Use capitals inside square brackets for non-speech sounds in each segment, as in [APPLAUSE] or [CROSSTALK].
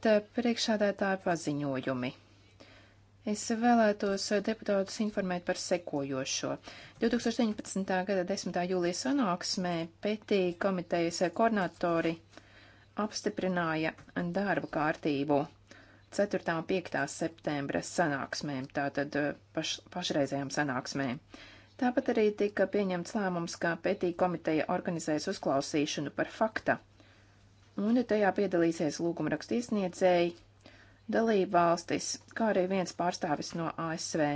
Tagad eh, priekšādētāja paziņojumi. Es vēlētos eh, deputātus informēt par sekojošo. 2019. gada 10. jūlijas sanāksmē pētī komitejas koordinatori apstiprināja darba kārtību 4. un 5. septembra sanāksmēm, tātad eh, paš, pašreizējām sanāksmēm. Tāpat arī tika pieņemts lēmums, ka pētī komiteja organizēs uzklausīšanu par fakta un tajā piedalīsies lūguma rakstiesniedzēji, dalība valstis, kā arī viens pārstāvis no ASV.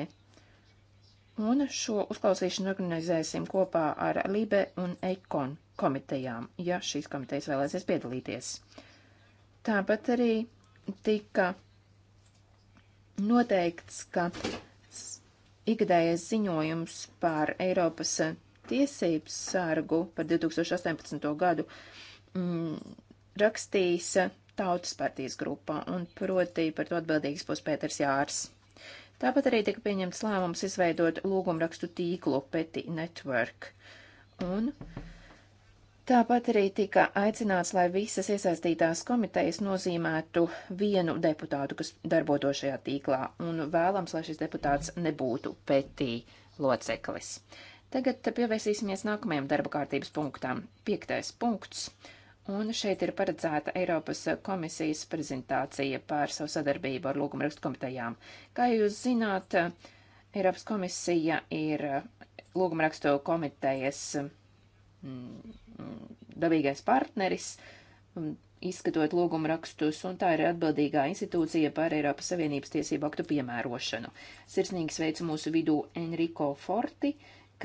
Un šo uzklausīšanu organizēsim kopā ar LIBE un EIKON komitejām, ja šīs komitejas vēlēsies piedalīties. Tāpat arī tika noteikts, ka ikgadējais ziņojums par Eiropas tiesības sargu par 2018. gadu mm, rakstījis eh, Tautas partijas grupa, un proti par to atbildīgs būs Pēters Jārs. Tāpat arī tika pieņemts lēmums izveidot lūgumrakstu tīklu Peti Network. Un tāpat arī tika aicināts, lai visas iesaistītās komitejas nozīmētu vienu deputātu, kas darboto šajā tīklā, un vēlams, lai šis deputāts nebūtu Peti loceklis. Tagad pievērsīsimies nākamajam darba kārtības punktam. Piektais punkts Un šeit ir paredzēta Eiropas komisijas prezentācija par savu sadarbību ar lūgumrakstu komitejām. Kā jūs zināt, Eiropas komisija ir lūgumrakstu komitejas mm, dabīgais partneris, izskatot lūgumrakstus, un tā ir atbildīgā institūcija par Eiropas Savienības tiesību aktu piemērošanu. Sirsnīgi sveicu mūsu vidū Enrico Forti,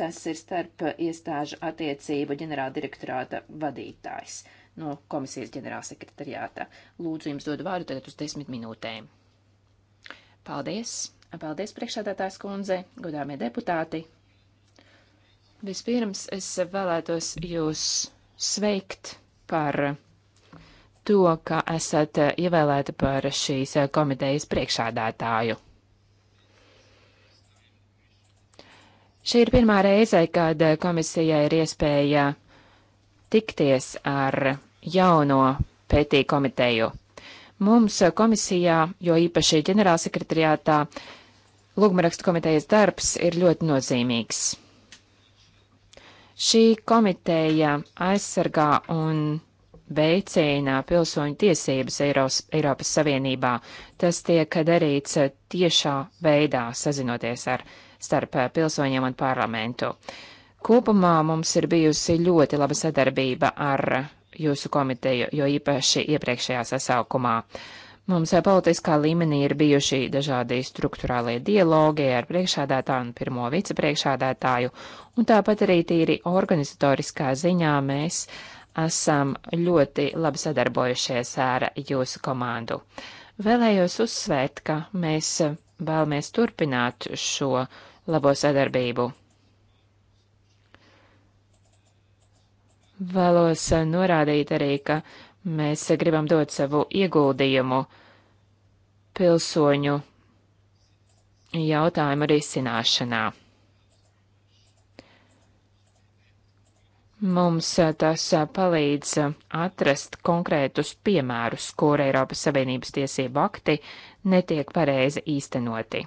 kas ir starp iestāžu attiecību ģenerāldirektorāta vadītājs no komisijas ģenerālsekretariāta. Lūdzu, jums dod vārdu tagad uz desmit minūtēm. Paldies! Paldies, priekšādātājs kundze, godāmie deputāti! Vispirms es vēlētos jūs sveikt par to, ka esat ievēlēta par šīs komitejas priekšādātāju. Šī ir pirmā reize, kad komisijai ir iespēja tikties ar jauno pētīju komiteju. Mums komisijā, jo īpaši ģenerālsekretariātā, lūgmarakstu komitejas darbs ir ļoti nozīmīgs. Šī komiteja aizsargā un veicina pilsoņu tiesības Eiros, Eiropas Savienībā. Tas tiek darīts tiešā veidā, sazinoties ar starp pilsoņiem un parlamentu. Kopumā mums ir bijusi ļoti laba sadarbība ar jūsu komiteju, jo īpaši iepriekšējā sasaukumā. Mums politiskā līmenī ir bijuši dažādi struktūrālie dialogi ar priekšādātāju un pirmo vicepriekšādātāju, un tāpat arī tīri organizatoriskā ziņā mēs esam ļoti labi sadarbojušies ar jūsu komandu. Vēlējos uzsvērt, ka mēs vēlamies turpināt šo labo sadarbību Vēlos eh, norādīt arī, ka mēs eh, gribam dot savu ieguldījumu pilsoņu jautājumu risināšanā. Mums eh, tas palīdz atrast konkrētus piemērus, kur Eiropas Savienības tiesību akti netiek pareizi īstenoti.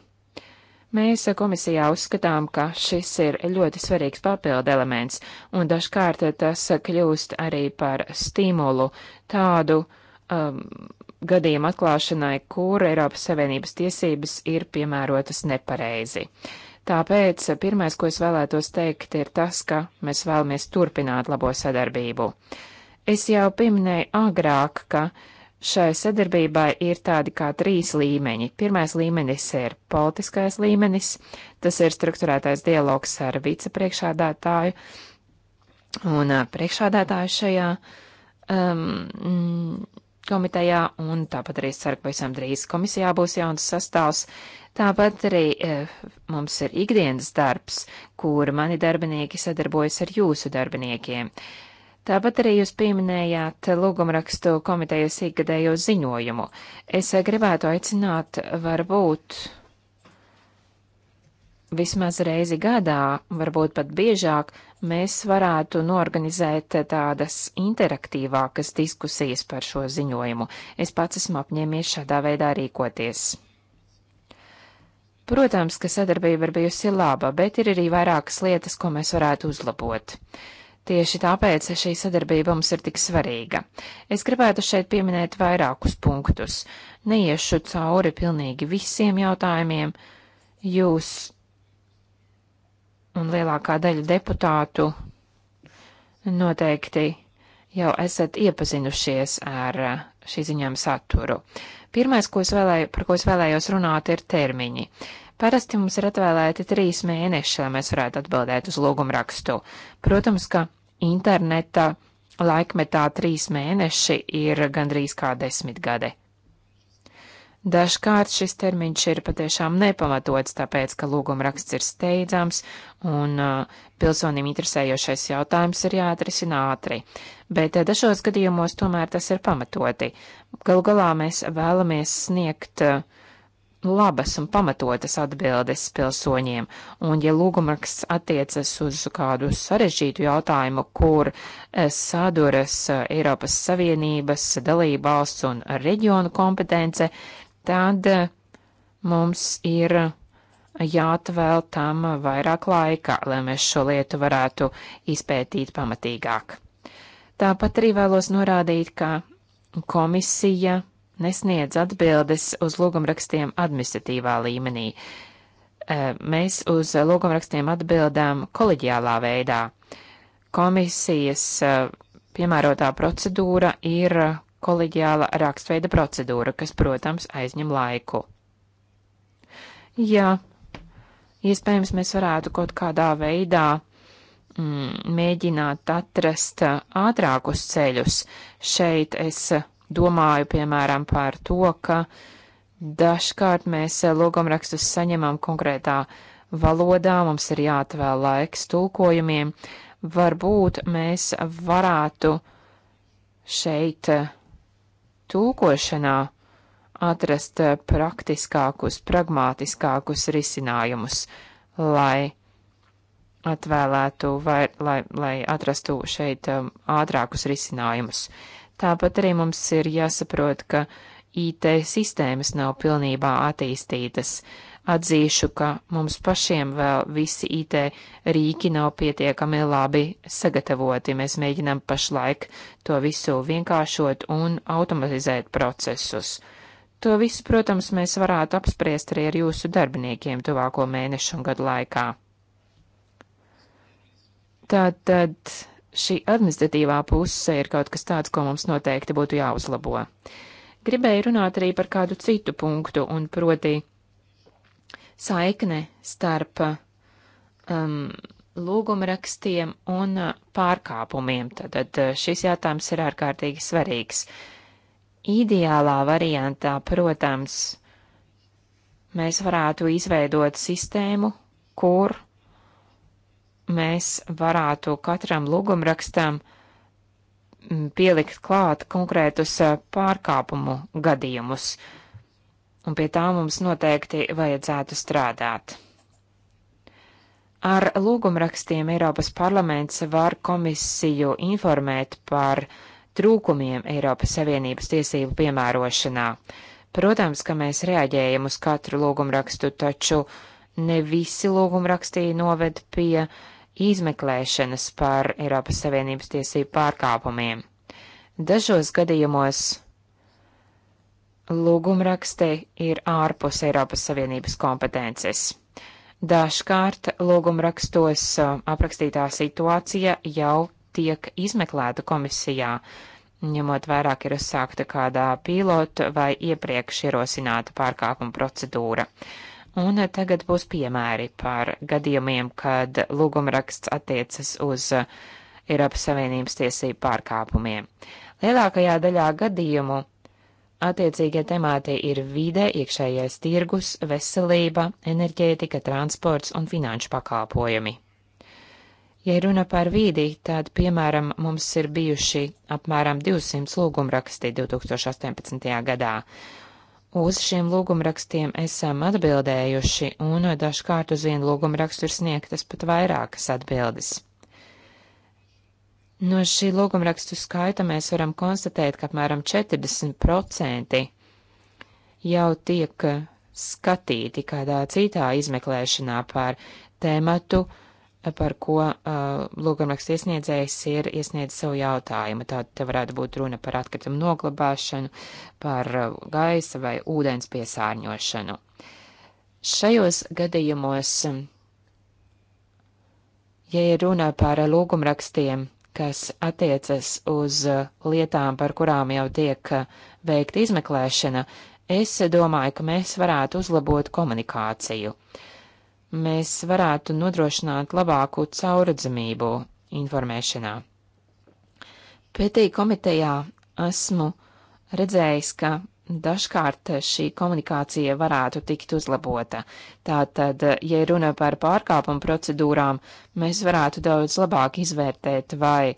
Mēs komisijā uzskatām, ka šis ir ļoti svarīgs papildu elements, un dažkārt tas kļūst arī par stimulu tādu um, gadījumu atklāšanai, kur Eiropas Savienības tiesības ir piemērotas nepareizi. Tāpēc pirmais, ko es vēlētos teikt, ir tas, ka mēs vēlamies turpināt labo sadarbību. Es jau pieminēju agrāk, ka uh, šai sadarbībai ir tādi kā trīs līmeņi. Pirmais līmenis ir politiskais līmenis, tas ir strukturētais dialogs ar vicepriekšādātāju un priekšādātāju šajā um, komitejā, un tāpat arī ceru, ka pavisam drīz komisijā būs jauns sastāvs. Tāpat arī e, mums ir ikdienas darbs, kur mani darbinieki sadarbojas ar jūsu darbiniekiem. Uh, Tāpat arī jūs pieminējāt lūgumrakstu komitejas ikgadējo ziņojumu. Es gribētu aicināt varbūt vismaz reizi gadā, varbūt pat biežāk, mēs varētu norganizēt tādas interaktīvākas diskusijas par šo ziņojumu. Es pats esmu apņēmies šādā veidā rīkoties. Protams, ka sadarbība ir bijusi laba, bet ir arī vairākas lietas, ko mēs varētu uzlabot. Uh, Tieši tāpēc šī sadarbība mums ir tik svarīga. Es gribētu šeit pieminēt vairākus punktus. Neiešu cauri pilnīgi visiem jautājumiem. Jūs un lielākā daļa deputātu noteikti jau esat iepazinušies ar uh, šī ziņām saturu. Pirmais, ko vēlēju, par ko es vēlējos runāt, ir termiņi. Parasti mums ir atvēlēti trīs mēneši, lai mēs varētu atbildēt uz lūgumrakstu. Protams, ka interneta laikmetā trīs mēneši ir gandrīz kā desmitgade. Dažkārt šis termiņš ir patiešām nepamatots, tāpēc, ka lūgumraksts ir steidzams un uh, pilsonim interesējošais jautājums ir jāatrisina ātri, bet dažos gadījumos tomēr tas ir pamatoti. Galu galā mēs vēlamies sniegt uh, labas un pamatotas atbildes pilsoņiem, un ja lūgumraksts attiecas uz kādu sarežģītu jautājumu, kur eh, saduras eh, Eiropas Savienības dalībvalsts un reģionu kompetence, tad eh, mums ir jāatvēl tam vairāk laika, lai mēs šo lietu varētu izpētīt pamatīgāk. Tāpat arī vēlos norādīt, ka komisija nesniedz atbildes uz lūgumrakstiem administratīvā līmenī. E, mēs uz lūgumrakstiem atbildām koleģiālā veidā. Komisijas e, piemērotā procedūra ir koleģiāla rakstveida procedūra, kas, protams, aizņem laiku. Jā, iespējams, mēs varētu kaut kādā veidā mm, mēģināt atrast ātrākus ceļus. Šeit es Domāju, piemēram, par to, ka dažkārt mēs eh, logomrakstus saņemam konkrētā valodā, mums ir jāatvēl laiks tulkojumiem. Varbūt mēs varētu šeit eh, tulkošanā atrast eh, praktiskākus, pragmātiskākus risinājumus, lai atvēlētu vai lai, lai atrastu šeit ātrākus risinājumus. Tāpat arī mums ir jāsaprot, ka IT sistēmas nav pilnībā attīstītas. Atzīšu, ka mums pašiem vēl visi IT rīki nav pietiekami labi sagatavoti. Mēs mēģinām pašlaik to visu vienkāršot un automatizēt procesus. To visu, protams, mēs varētu apspriest arī ar jūsu darbiniekiem tuvāko mēnešu un gadu laikā. Tātad. Tad šī administratīvā puse ir kaut kas tāds, ko mums noteikti būtu jāuzlabo. Gribēju runāt arī par kādu citu punktu, un proti saikne starp um, lūgumrakstiem un pārkāpumiem. Tad uh, šis jautājums ir ārkārtīgi svarīgs. Ideālā variantā, protams, mēs varētu izveidot sistēmu, kur mēs varētu katram lūgumrakstam mm, pielikt klāt konkrētus pārkāpumu gadījumus, un pie tā mums noteikti vajadzētu strādāt. Ar lūgumrakstiem Eiropas parlaments var komisiju informēt par trūkumiem Eiropas Savienības tiesību piemērošanā. Protams, ka mēs reaģējam uz katru lūgumrakstu, taču ne visi lūgumrakstī noved pie uh, izmeklēšanas par Eiropas Savienības tiesību pārkāpumiem. Dažos gadījumos lūgumraksti ir ārpus Eiropas Savienības kompetences. Dažkārt lūgumrakstos aprakstītā situācija jau tiek izmeklēta komisijā, ņemot vairāk ir uzsākta kādā pilota vai iepriekš ierosināta pārkāpuma procedūra. Uh, Un tagad būs piemēri par gadījumiem, kad lūgumraksts attiecas uz Eiropas Savienības tiesību pārkāpumiem. Lielākajā daļā gadījumu attiecīgie temāti ir vide, iekšējais tirgus, veselība, enerģētika, transports un finanšu pakalpojumi. Ja runa par vīdi, tad, piemēram, mums ir bijuši apmēram 200 lūgumraksti 2018. gadā, Uz šiem lūgumrakstiem esam atbildējuši, un dažkārt uz vienu lūgumrakstu ir sniegtas pat vairākas atbildes. No šī lūgumrakstu skaita mēs varam konstatēt, ka apmēram 40% jau tiek skatīti kādā citā izmeklēšanā par tēmatu, par ko uh, lūgumraksta iesniedzējs ir iesniedzis savu jautājumu. Tā te varētu būt runa par atkritumu noglabāšanu, par uh, gaisa vai ūdens piesārņošanu. Šajos gadījumos, ja ir runa par lūgumrakstiem, kas attiecas uz lietām, par kurām jau tiek veikta izmeklēšana, es domāju, ka mēs varētu uzlabot komunikāciju. Uh, mēs varētu nodrošināt labāku cauradzamību informēšanā. Pētī komitejā esmu redzējis, ka dažkārt šī komunikācija varētu tikt uzlabota. Tātad, ja runa par pārkāpumu procedūrām, mēs varētu daudz labāk izvērtēt, vai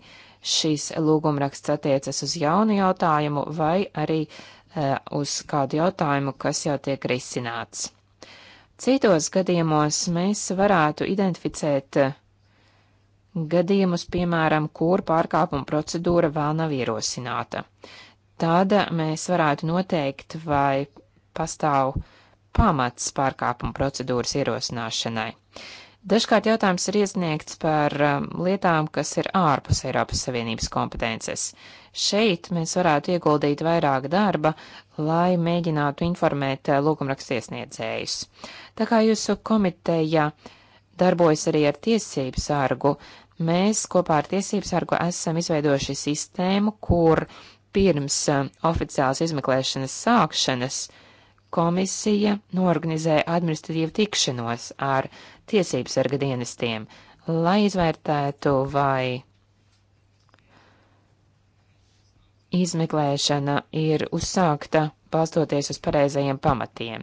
šīs lūgumraksts attiecas uz jaunu jautājumu vai arī uh, uz kādu jautājumu, kas jau tiek risināts. Citos gadījumos mēs varētu identificēt eh, gadījumus, piemēram, kur pārkāpuma procedūra vēl nav ierosināta. Tad eh, mēs varētu noteikt, vai pastāv pamats pārkāpuma procedūras ierosināšanai. Dažkārt jautājums ir iesniegts par eh, lietām, kas ir ārpus Eiropas Savienības kompetences. Šeit mēs varētu ieguldīt vairāk darba, lai mēģinātu informēt eh, lūgumrakstiesniedzējus. Tā kā jūsu komiteja darbojas arī ar tiesību sargu, mēs kopā ar tiesību sargu esam izveidojuši sistēmu, kur pirms eh, oficiālas izmeklēšanas sākšanas komisija norganizē administratīvu tikšanos ar tiesības sarga dienestiem, lai izvērtētu, vai izmeklēšana ir uzsākta balstoties uz pareizajiem pamatiem.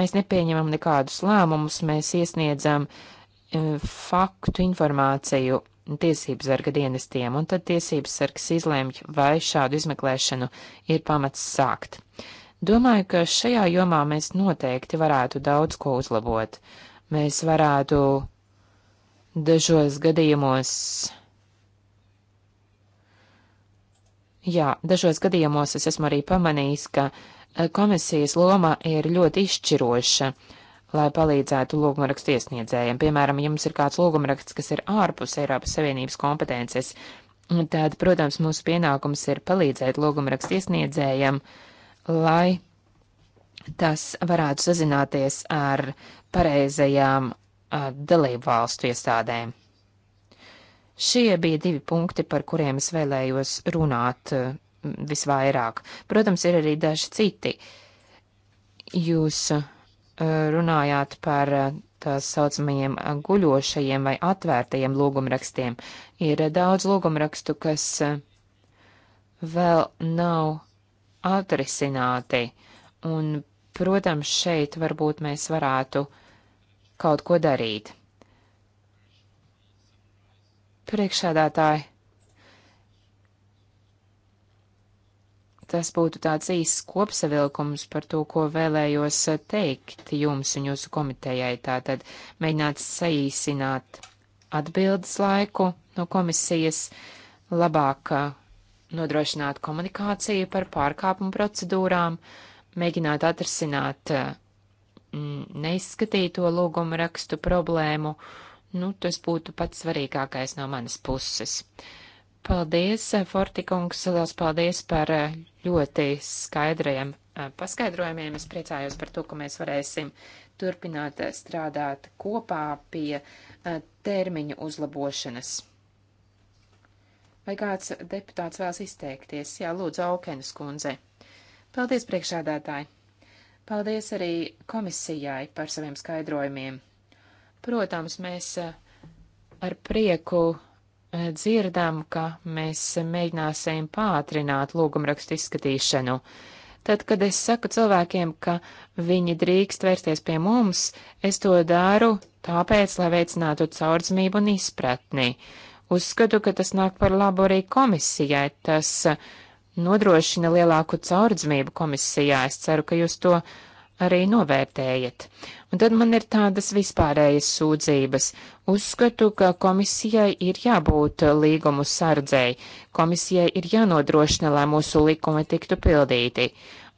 Mēs nepieņemam nekādus lēmumus, mēs iesniedzam e, faktu informāciju tiesības sarga dienestiem, un tad tiesības sargs izlemj, vai šādu izmeklēšanu ir pamats sākt. Domāju, ka šajā jomā mēs noteikti varētu daudz ko uzlabot. Mēs varētu dažos gadījumos Jā, dažos gadījumos es esmu arī pamanījis, ka eh, komisijas loma ir ļoti izšķiroša, lai palīdzētu lūgumrakstu iesniedzējiem. Piemēram, ja mums ir kāds lūgumraksts, kas ir ārpus Eiropas Savienības kompetences, tad, protams, mūsu pienākums ir palīdzēt lūgumrakstu iesniedzējiem, lai tas varētu sazināties ar pareizajām eh, dalību valstu iestādēm. Šie bija divi punkti, par kuriem es vēlējos runāt eh, visvairāk. Protams, ir arī daži citi. Jūs eh, runājāt par eh, tā saucamajiem guļošajiem vai atvērtajiem lūgumrakstiem. Ir daudz lūgumrakstu, kas vēl nav atrisināti, un, protams, šeit varbūt mēs varētu kaut ko darīt. Priekšsēdētāji, tas būtu tāds īsts kopsavilkums par to, ko vēlējos teikt jums un jūsu komitejai. Tātad mēģināt saīsināt atbildes laiku no komisijas, labāk uh, nodrošināt komunikāciju par pārkāpumu procedūrām, mēģināt atrisināt uh, neizskatīto lūgumu rakstu problēmu Nu, tas būtu pats svarīgākais no manas puses. Paldies, eh, Fortikungs, liels paldies par eh, ļoti skaidriem eh, paskaidrojumiem. Es priecājos par to, ka mēs varēsim turpināt strādāt kopā pie termiņu uzlabošanas. Vai kāds deputāts vēlas izteikties? Jā, lūdzu, Aukenas kundze. Paldies, priekšādātāji! Paldies arī komisijai par saviem skaidrojumiem. Protams, mēs eh, ar prieku eh, dzirdam, ka mēs mēģināsim pātrināt lūgumrakstu izskatīšanu. Tad, kad es saku cilvēkiem, ka viņi drīkst vērsties pie mums, es to daru tāpēc, lai veicinātu caurdzmību un izpratni. Uzskatu, ka tas nāk par labu arī komisijai, tas eh, nodrošina lielāku caurdzmību komisijā. Es ceru, ka jūs to arī novērtējat. Un tad man ir tādas vispārējas sūdzības. Uzskatu, ka komisijai ir jābūt līgumu sardzēji, komisijai ir jānodrošina, lai mūsu likumi tiktu pildīti.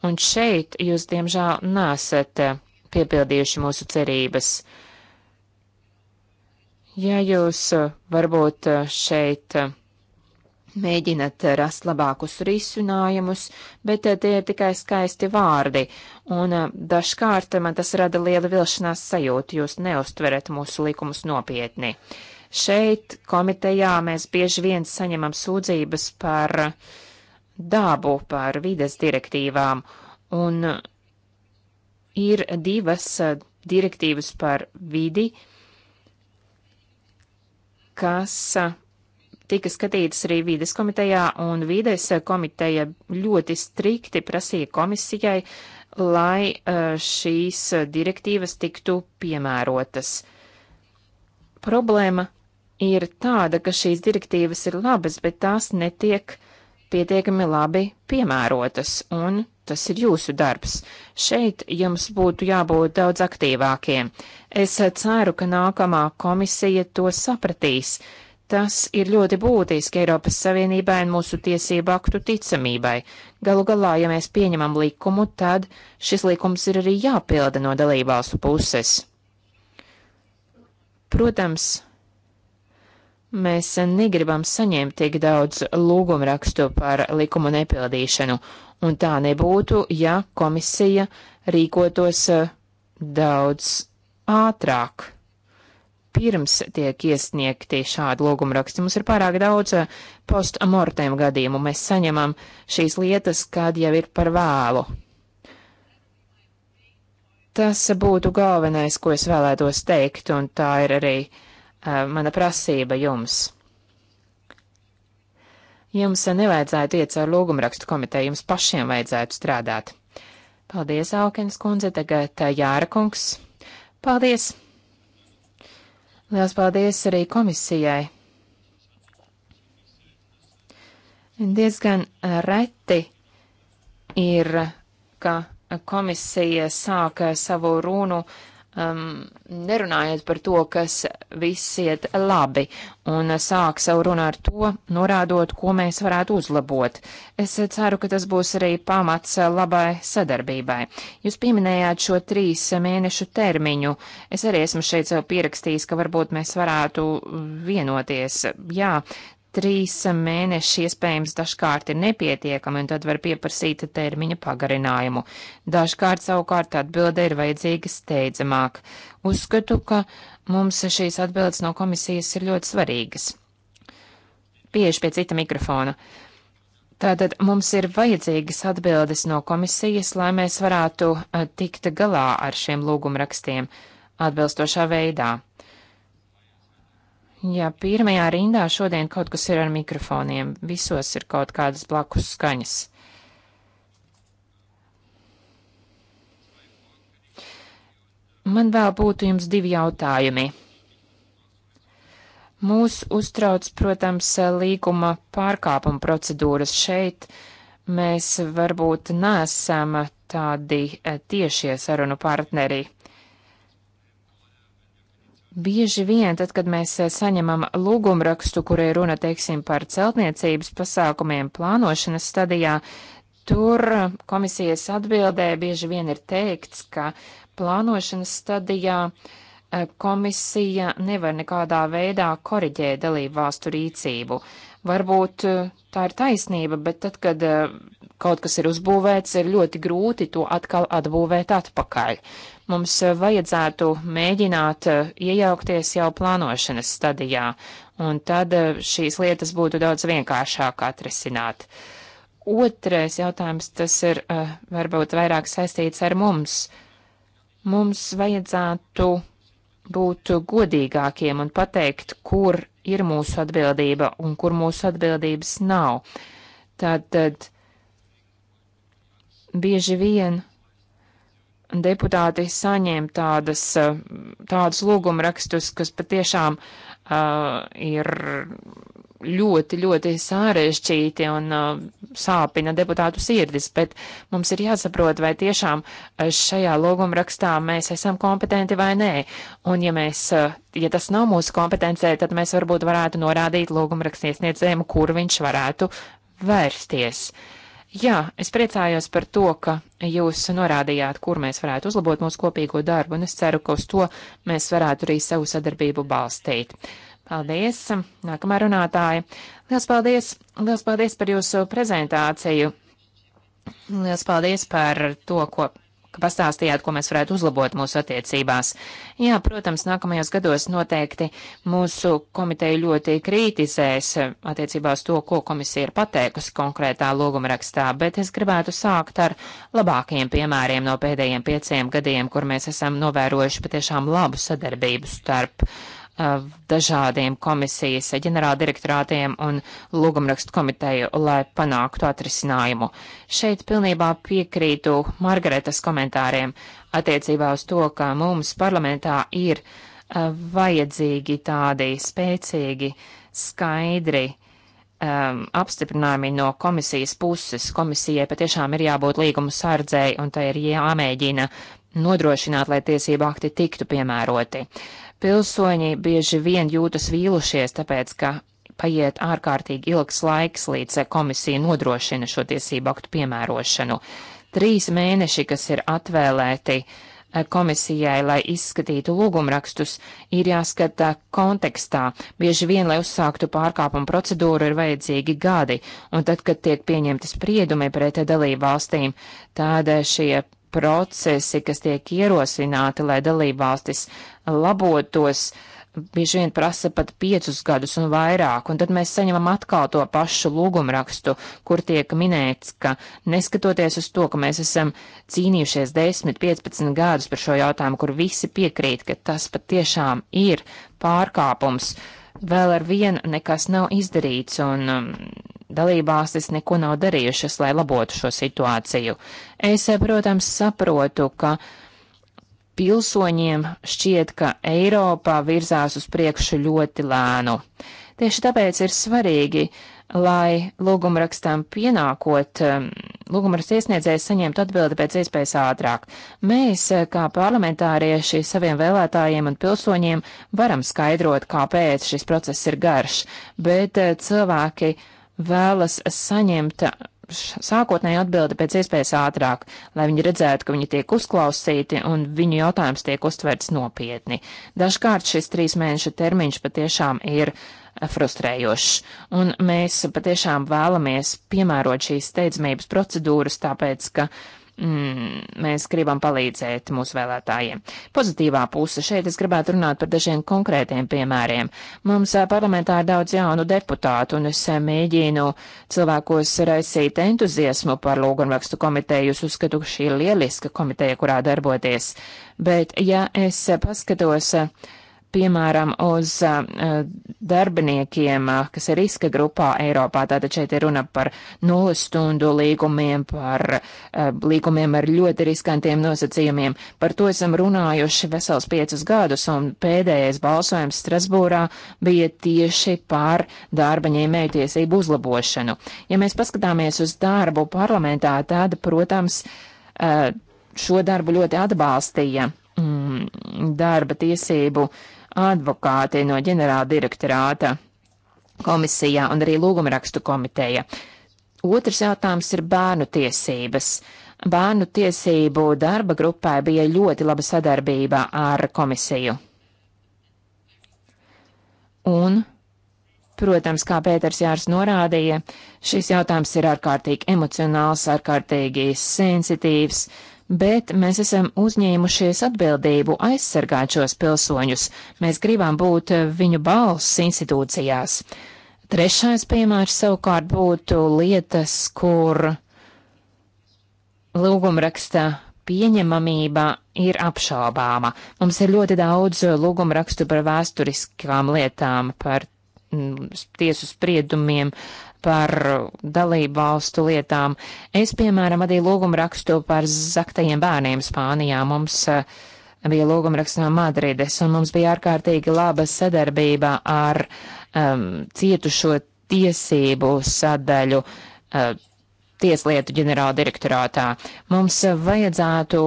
Un šeit jūs, diemžēl, nesat piepildījuši mūsu cerības. Ja jūs varbūt šeit mēģinat rast labākus risinājumus, bet eh, tie ir tikai skaisti vārdi, un eh, dažkārt man tas rada liela vilšanās sajūtu, jūs neustverat mūsu likumus nopietni. Šeit komitejā mēs bieži vien saņemam sūdzības par dabu, par vides direktīvām, un ir divas eh, direktīvas par vidi, kas tika skatītas arī vīdes komitejā, un vīdes komiteja ļoti strikti prasīja komisijai, lai šīs direktīvas tiktu piemērotas. Problēma ir tāda, ka šīs direktīvas ir labas, bet tās netiek pietiekami labi piemērotas, un tas ir jūsu darbs. Šeit jums būtu jābūt daudz aktīvākiem. Es ceru, ka nākamā komisija to sapratīs Tas ir ļoti būtiski Eiropas Savienībai un mūsu tiesību aktu ticamībai. Galu galā, ja mēs pieņemam likumu, tad šis likums ir arī jāpilda no dalībvalstu puses. Protams, mēs negribam saņemt tik daudz lūgumrakstu par likumu nepildīšanu, un tā nebūtu, ja komisija rīkotos eh, daudz ātrāk pirms tiek iesniegti šādi logumraksti. Mums ir pārāk daudz eh, postmortem gadījumu. Mēs saņemam šīs lietas, kad jau ir par vēlu. Tas būtu galvenais, ko es vēlētos teikt, un tā ir arī uh, mana prasība jums. Jums nevajadzētu iet caur lūgumrakstu komiteju, jums pašiem vajadzētu strādāt. Paldies, Alkins kundze, tagad eh, Jāra kungs. Paldies! Lielas paldies arī komisijai. Diezgan reti ir, ka komisija sāk savu runu uh, um, nerunājot par to, kas viss iet labi, un sāk savu runu ar to, norādot, ko mēs varētu uzlabot. Es ceru, ka tas būs arī pamats labai sadarbībai. Jūs pieminējāt šo trīs mēnešu termiņu. Es arī esmu šeit sev pierakstījis, ka varbūt mēs varētu vienoties. Jā, trīs mēneši iespējams dažkārt ir nepietiekami, un tad var pieprasīt termiņa pagarinājumu. Dažkārt savukārt atbilde ir vajadzīga steidzamāk. Uzskatu, ka mums šīs atbildes no komisijas ir ļoti svarīgas. Pieeši pie cita mikrofona. Tātad mums ir vajadzīgas atbildes no komisijas, lai mēs varētu eh, tikt galā ar šiem lūgumrakstiem atbilstošā veidā. Jā, pirmajā rindā šodien kaut kas ir ar mikrofoniem. Visos ir kaut kādas blakus skaņas. Man vēl būtu jums divi jautājumi. Mūs uztrauc, protams, līguma pārkāpuma procedūras šeit. Mēs varbūt neesam tādi eh, tiešie sarunu partneri. Bieži vien, tad, kad mēs eh, saņemam lūgumrakstu, kur ir runa, teiksim, par celtniecības pasākumiem plānošanas stadijā, tur komisijas atbildē bieži vien ir teikts, ka plānošanas stadijā eh, komisija nevar nekādā veidā koriģēt dalību valstu rīcību. Varbūt eh, tā ir taisnība, bet tad, kad kaut kas ir uzbūvēts, ir ļoti grūti to atkal atbūvēt atpakaļ. Mums eh, vajadzētu mēģināt eh, iejaukties jau plānošanas stadijā, un tad eh, šīs lietas būtu daudz vienkāršāk atrisināt. Otrais jautājums, tas ir varbūt vairāk saistīts ar mums. Mums vajadzētu būt godīgākiem un pateikt, kur ir mūsu atbildība un kur mūsu atbildības nav. Tad, tad bieži vien deputāti saņem tādas, eh, tādus lūgumrakstus, kas patiešām uh, ir ļoti, ļoti sarežģīti un uh, sāpina deputātu sirdis, bet mums ir jāsaprot, vai tiešām šajā lūgumrakstā mēs esam kompetenti vai nē. Un ja mēs, uh, ja tas nav mūsu kompetencē, tad mēs varbūt varētu norādīt lūgumrakstiesniedzējumu, kur viņš varētu vērsties. Uh, Jā, es priecājos par to, ka jūs norādījāt, kur mēs varētu uzlabot mūsu kopīgo darbu, un es ceru, ka uz to mēs varētu arī savu sadarbību balstīt. Paldies! Nākamā runātāja. Liels paldies! Liels paldies par jūsu prezentāciju! Liels paldies par to, ko ka pastāstījāt, ko mēs varētu uzlabot mūsu attiecībās. Jā, protams, nākamajos gados noteikti mūsu komiteja ļoti kritizēs eh, attiecībās to, ko komisija ir pateikusi konkrētā logumrakstā, bet es gribētu sākt ar labākajiem piemēriem no pēdējiem pieciem gadiem, kur mēs esam novērojuši patiešām labu sadarbību starp uh, dažādiem komisijas ģenerāldirektorātiem un lūgumrakstu komiteju, lai panāktu atrisinājumu. Šeit pilnībā piekrītu Margaretas komentāriem attiecībā uz to, ka mums parlamentā ir vajadzīgi tādi spēcīgi, skaidri um, apstiprinājumi no komisijas puses. Komisijai patiešām ir jābūt līgumu sardzēji un tai ir jāmēģina nodrošināt, lai tiesību akti tiktu piemēroti. Pilsoņi bieži vien jūtas vīlušies, tāpēc, ka paiet ārkārtīgi ilgs laiks, līdz komisija nodrošina šo tiesību aktu piemērošanu. Trīs mēneši, kas ir atvēlēti eh, komisijai, lai izskatītu lūgumrakstus, ir jāskata kontekstā. Bieži vien, lai uzsāktu pārkāpumu procedūru, ir vajadzīgi gadi, un tad, kad tiek pieņemti spriedumi pret dalību valstīm, tad šie procesi, kas tiek ierosināti, lai dalībvalstis labotos, bieži vien prasa pat piecus gadus un vairāk, un tad mēs saņemam atkal to pašu lūgumrakstu, kur tiek minēts, ka neskatoties uz to, ka mēs esam cīnījušies 10-15 gadus par šo jautājumu, kur visi piekrīt, ka tas pat tiešām ir pārkāpums, vēl ar vienu nekas nav izdarīts, un um, dalībvalstis neko nav darījušas, lai labotu šo situāciju. Es, eh, protams, saprotu, ka pilsoņiem šķiet, ka Eiropā virzās uz priekšu ļoti lēnu. Tieši tāpēc ir svarīgi, lai lūgumrakstam pienākot, ehm, lūgumraksta iesniedzējs saņemtu atbildi pēc iespējas ātrāk. Mēs, eh, kā parlamentārieši, saviem vēlētājiem un pilsoņiem varam skaidrot, kāpēc šis process ir garš, bet eh, cilvēki uh, vēlas saņemt sākotnēji atbildi pēc iespējas ātrāk, lai viņi redzētu, ka viņi tiek uzklausīti un viņu jautājums tiek uztverts nopietni. Dažkārt šis trīs mēnešu termiņš patiešām ir eh, frustrējošs, un mēs patiešām vēlamies piemērot šīs steidzamības procedūras, tāpēc, ka uh, mm, mēs gribam palīdzēt mūsu vēlētājiem. Pozitīvā puse šeit es gribētu runāt par dažiem konkrētiem piemēriem. Mums parlamentā ir daudz jaunu deputātu, un es mēģinu cilvēkos raisīt entuziasmu par lūgunrakstu komiteju. Es uzskatu, ka šī ir lieliska komiteja, kurā darboties. Bet, ja es paskatos, uh, piemēram, uz darbiniekiem, kas ir riska grupā Eiropā. Tātad šeit ir runa par nulles stundu līgumiem, par līgumiem ar ļoti riskantiem nosacījumiem. Par to esam runājuši vesels piecus gadus, un pēdējais balsojums Strasbūrā bija tieši par darba ņēmēju tiesību uzlabošanu. Ja mēs paskatāmies uz darbu parlamentā, tad, protams, šo darbu ļoti atbalstīja mm, darba tiesību uh, advokāti no ģenerāla direktorāta komisijā un arī lūgumrakstu komiteja. Otrs jautājums ir bērnu tiesības. Bērnu tiesību darba grupai bija ļoti laba sadarbība ar komisiju. Un, protams, kā Pēters Jārs norādīja, šis jautājums ir ārkārtīgi emocionāls, ārkārtīgi sensitīvs, uh, bet mēs esam uzņēmušies atbildību aizsargāt šos pilsoņus. Mēs gribam būt viņu balss institūcijās. Trešais piemērs savukārt būtu lietas, kur lūgumraksta pieņemamība ir apšaubāma. Mums ir ļoti daudz lūgumrakstu par vēsturiskām lietām, par mm, tiesu spriedumiem, par dalību valstu lietām. Es, piemēram, arī lūgumu rakstu par zaktajiem bērniem Spānijā. Mums eh, bija lūgumu raksts no Madrides, un mums bija ārkārtīgi laba sadarbība ar um, cietušo tiesību sadaļu uh, tieslietu ģenerāla direktorātā. Mums vajadzētu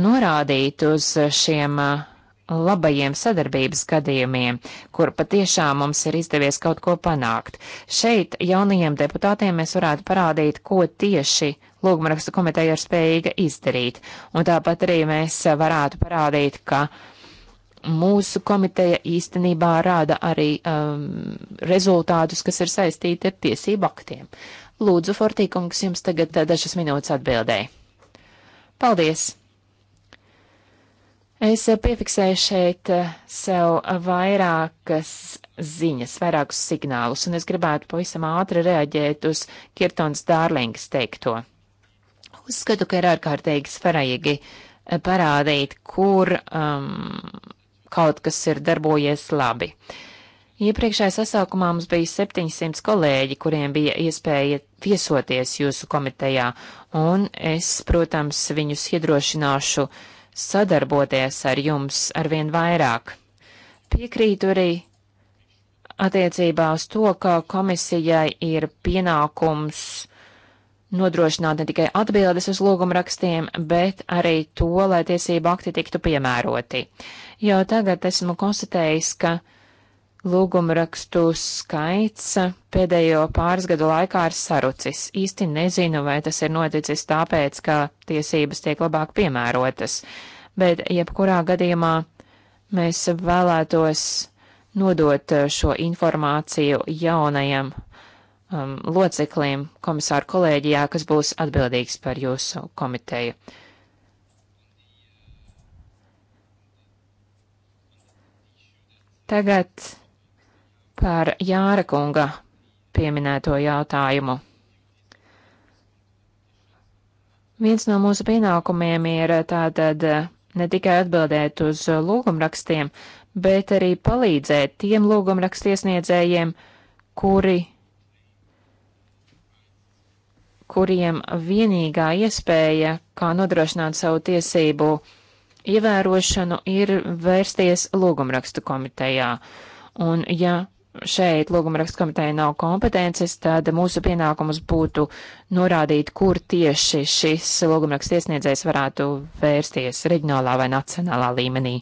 norādīt uz šiem uh, labajiem sadarbības gadījumiem, kur patiešām mums ir izdevies kaut ko panākt. Šeit jaunajiem deputātiem mēs varētu parādīt, ko tieši lūgumrakstu komiteja ir spējīga izdarīt, un tāpat arī mēs varētu parādīt, ka mūsu komiteja īstenībā rāda arī um, rezultātus, kas ir saistīti ar tiesību aktiem. Lūdzu, Fortīkungs, jums tagad dažas minūtes atbildēji. Paldies! Es eh, piefiksēju šeit eh, sev vairākas ziņas, vairākus signālus, un es gribētu pavisam ātri reaģēt uz Kirtons Dārlings teikto. Uzskatu, ka ir ārkārtīgi svarīgi eh, parādīt, kur um, kaut kas ir darbojies labi. Iepriekšējā sasaukumā mums bija 700 kolēģi, kuriem bija iespēja viesoties jūsu komitejā, un es, protams, viņus iedrošināšu uh, sadarboties ar jums arvien vairāk. Piekrītu arī attiecībā uz to, ka komisijai ir pienākums nodrošināt ne tikai atbildes uz lūgumrakstiem, bet arī to, lai tiesību akti tiktu piemēroti. Jo tagad esmu konstatējis, ka Lūgumrakstu skaits pēdējo pāris gadu laikā ir sarucis. Īsti nezinu, vai tas ir noticis tāpēc, ka tiesības tiek labāk piemērotas, bet jebkurā gadījumā mēs vēlētos nodot šo informāciju jaunajam um, loceklim komisāru kolēģijā, kas būs atbildīgs par jūsu komiteju. Tagad par Jāra kunga pieminēto jautājumu. Viens no mūsu pienākumiem ir tātad ne tikai atbildēt uz lūgumrakstiem, bet arī palīdzēt tiem lūgumrakstiesniedzējiem, kuri, kuriem vienīgā iespēja, kā nodrošināt savu tiesību ievērošanu, ir vērsties lūgumrakstu komitejā. Un ja šeit lūguma rakstkomiteja nav kompetences, tad mūsu pienākums būtu norādīt, kur tieši šis lūguma rakstiesniedzējs varētu vērsties reģionālā vai nacionālā līmenī.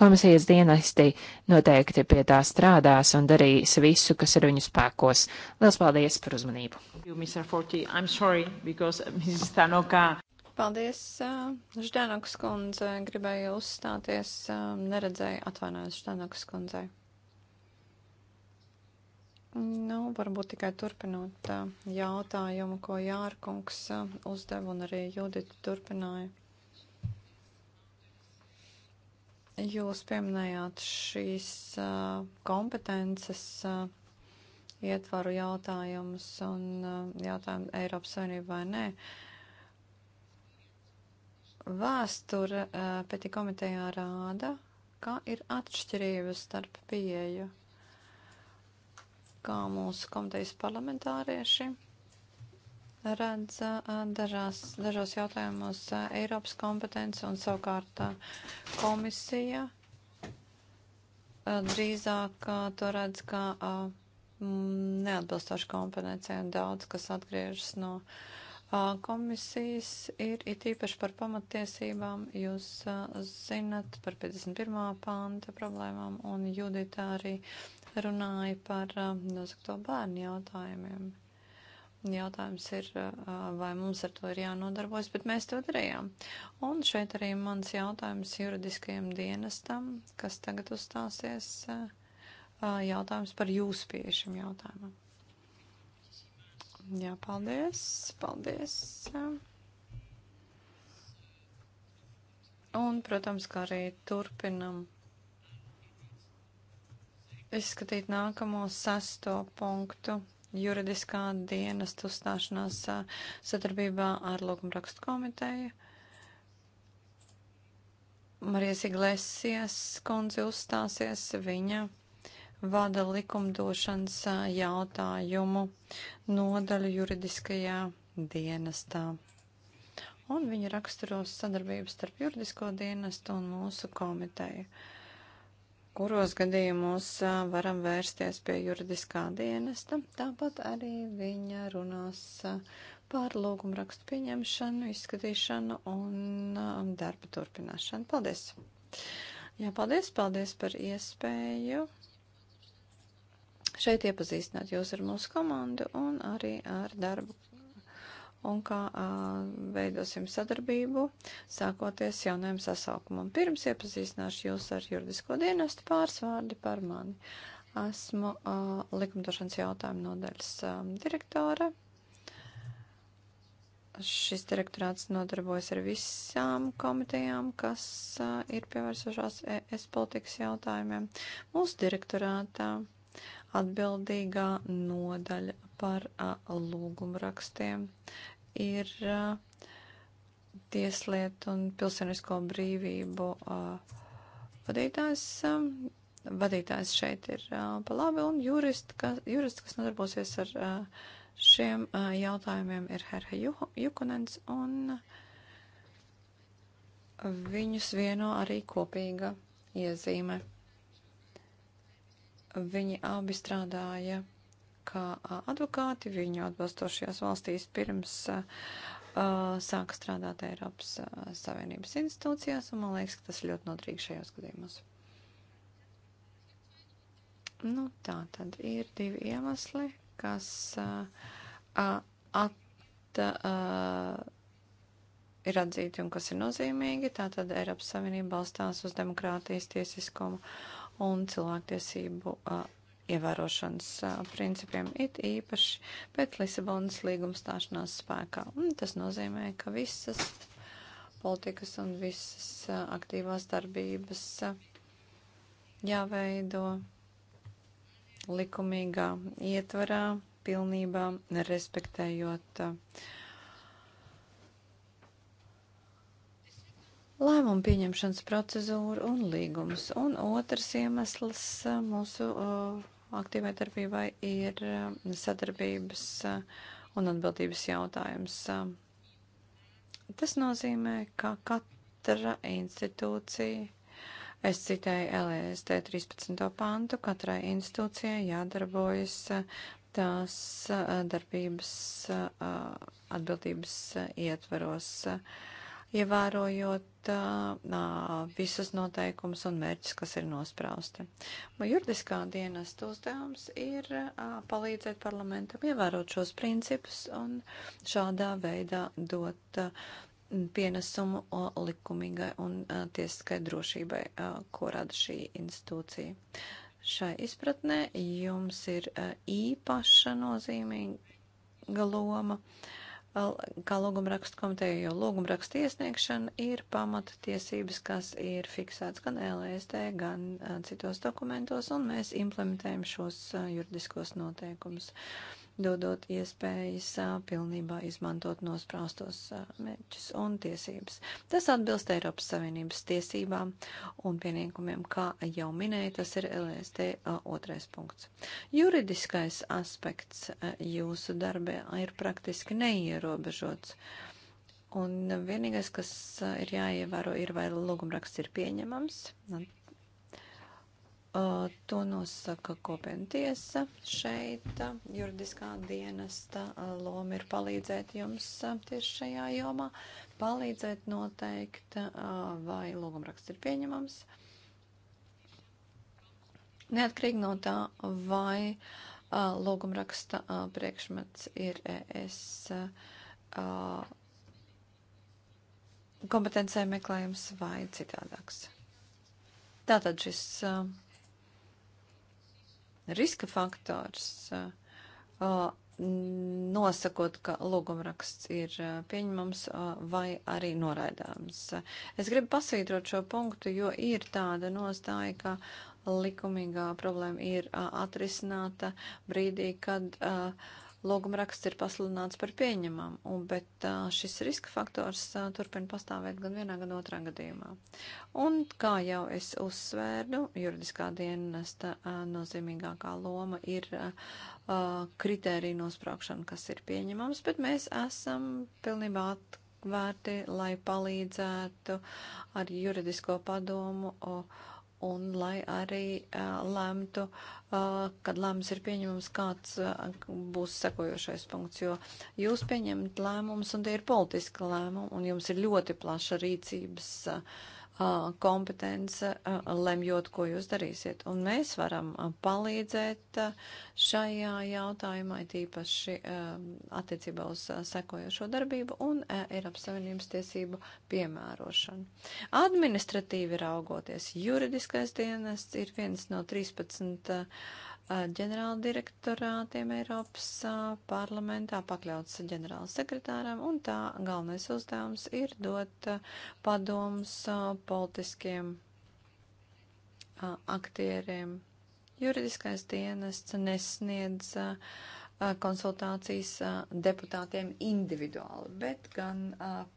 Komisijas dienesti noteikti pie tā strādās un darīs visu, kas ir viņu spēkos. Lielas paldies par uzmanību! Uh, paldies, uh, Ždanokas kundze, gribēju uzstāties, uh, neredzēju, atvainojos Ždanokas kundzei. Nu, varbūt tikai turpinot jautājumu, ko Jārkungs uzdev un arī Judita turpināja. Jūs pieminējāt šīs kompetences ietvaru jautājumus un jautājumu Eiropas Savienību vai nē. Vēsture pētī komitejā rāda, ka ir atšķirības starp pieeju kā mūsu komitejas parlamentārieši redz dažās, dažos jautājumos Eiropas kompetence un savukārt komisija drīzāk to redz kā neatbilstoši kompetencija un daudz, kas atgriežas no komisijas, ir it īpaši par pamattiesībām. Jūs zinat par 51. panta problēmām un Judita arī runāja par nozakto um, bērnu jautājumiem. Jautājums ir, uh, vai mums ar to ir jānodarbojas, bet mēs to darījām. Un šeit arī mans jautājums juridiskajam dienestam, kas tagad uzstāsies, uh, uh, jautājums par jūsu pieešam jautājumam. Jā, paldies, paldies. Un, protams, kā arī turpinam izskatīt nākamo sesto punktu juridiskā dienesta uzstāšanās sadarbībā ar Lūgumrakstu komiteju. Marijas Iglesias kundze uzstāsies, viņa vada likumdošanas jautājumu nodaļu juridiskajā dienestā. Un viņa raksturos sadarbības starp juridisko dienestu un mūsu komiteju. Uh, kuros gadījumos varam vērsties pie juridiskā dienesta. Tāpat arī viņa runās par lūgumu rakstu pieņemšanu, izskatīšanu un darba turpināšanu. Paldies! Jā, paldies, paldies par iespēju šeit iepazīstināt jūs ar mūsu komandu un arī ar darbu, un kā uh, veidosim sadarbību, sākoties jaunajam sasaukumam. Pirms iepazīstināšu jūs ar juridisko dienestu pārsvārdi par mani. Esmu uh, likumdošanas jautājumu nodaļas um, direktore. Šis direktorāts nodarbojas ar visām komitejām, kas uh, ir pievērsušās ES politikas jautājumiem. Mūsu direktorātā atbildīgā nodaļa par a, lūgumrakstiem, ir uh, tieslietu un pilsonisko brīvību uh, vadītājs. Um, vadītājs šeit ir uh, pa labi, un juristi, kas, jurist, kas nodarbosies ar uh, šiem uh, jautājumiem, ir Herha Jukunens, un viņus vieno arī kopīga iezīme. Viņi abi strādāja kā advokāti viņu atbalstošajās valstīs pirms sāka strādāt Eiropas Savienības institūcijās, un man liekas, ka tas ļoti noderīgi šajos gadījumos. Nu, tā tad ir divi iemesli, kas uh, at, uh, ir atzīti un kas ir nozīmīgi. Tātad Eiropas Savienība balstās uz demokrātijas tiesiskumu un cilvēktiesību uh, ievērošanas uh, principiem, it īpaši pēc Lisabonas līguma stāšanās spēkā. Un tas nozīmē, ka visas politikas un visas uh, aktīvās darbības uh, jāveido likumīgā ietvarā, pilnībā respektējot lēmumu pieņemšanas procedūru un līgumus. Un otrs iemesls mūsu uh, aktīvai darbībai ir um, sadarbības uh, un atbildības jautājums. Um, tas nozīmē, ka katra institūcija, es citēju LSD e 13. pantu, katrai institūcijai jādarbojas uh, tās uh, darbības atbildības ietvaros. Uh, ievērojot uh, visus noteikumus un mērķus, kas ir nosprausti. Ma juridiskā dienesta uzdevums ir uh, palīdzēt parlamentam ievērot šos principus un šādā veidā dot uh, pienesumu likumīgai un uh, tiesiskai drošībai, uh, ko rada šī institūcija. Šai izpratnē jums ir uh, īpaša nozīmīga loma. Uh, kā lūgumrakstu komiteja, jo lūgumrakstu iesniegšana ir pamata tiesības, kas ir fiksēts gan LSD, e gan citos dokumentos, un mēs implementējam šos juridiskos noteikumus. Uh, dodot iespējas pilnībā izmantot nosprāstos mērķus un tiesības. Tas atbilst Eiropas Savienības tiesībām un pienākumiem, kā jau minēja, tas ir LST otrais punkts. Juridiskais aspekts jūsu darbē ir praktiski neierobežots. Un vienīgais, kas ir jāievēro, ir, vai lūgumraksts ir pieņemams. Uh, to nosaka kopiena tiesa šeit. Juridiskā dienesta uh, loma ir palīdzēt jums uh, tieši šajā jomā, palīdzēt noteikt, vai lūgumraksts ir pieņemams. Neatkarīgi no tā, vai lūgumraksta priekšmets ir ES kompetencē meklējums vai citādāks. Tātad šis uh, riska faktors, nosakot, ka lūgumraksts ir pieņemams vai arī noraidāms. Es gribu pasvītrot šo punktu, jo ir tāda nostāja, ka likumīgā problēma ir atrisināta brīdī, kad uh, lūgumraksts ir pasludināts par pieņemam, un, bet šis riska faktors turpina pastāvēt gan vienā, gan otrā gadījumā. Un, kā jau es uzsvēru, juridiskā dienesta nozīmīgākā loma ir kritērija nospraukšana, kas ir pieņemams, bet mēs esam pilnībā atvērti, lai palīdzētu ar juridisko padomu. O, un lai arī lemtu, kad lēmums ir pieņemams, kāds būs sekojošais punkts, jo jūs pieņemat lēmumus un tie ir politiski lēmumi un jums ir ļoti plaša rīcības. Uh, kompetence lemjot, ko jūs darīsiet. Un mēs varam palīdzēt šajā jautājumā, tīpaši attiecībā uz sekojošo darbību un Eiropas Savienības tiesību piemērošanu. Administratīvi raugoties, juridiskais dienests ir viens no 13 ģenerāla direktorātiem Eiropas parlamentā, pakļauts ģenerāla sekretāram, un tā galvenais uzdevums ir dot padomus politiskiem aktieriem. Juridiskais dienests nesniedz konsultācijas deputātiem individuāli, bet gan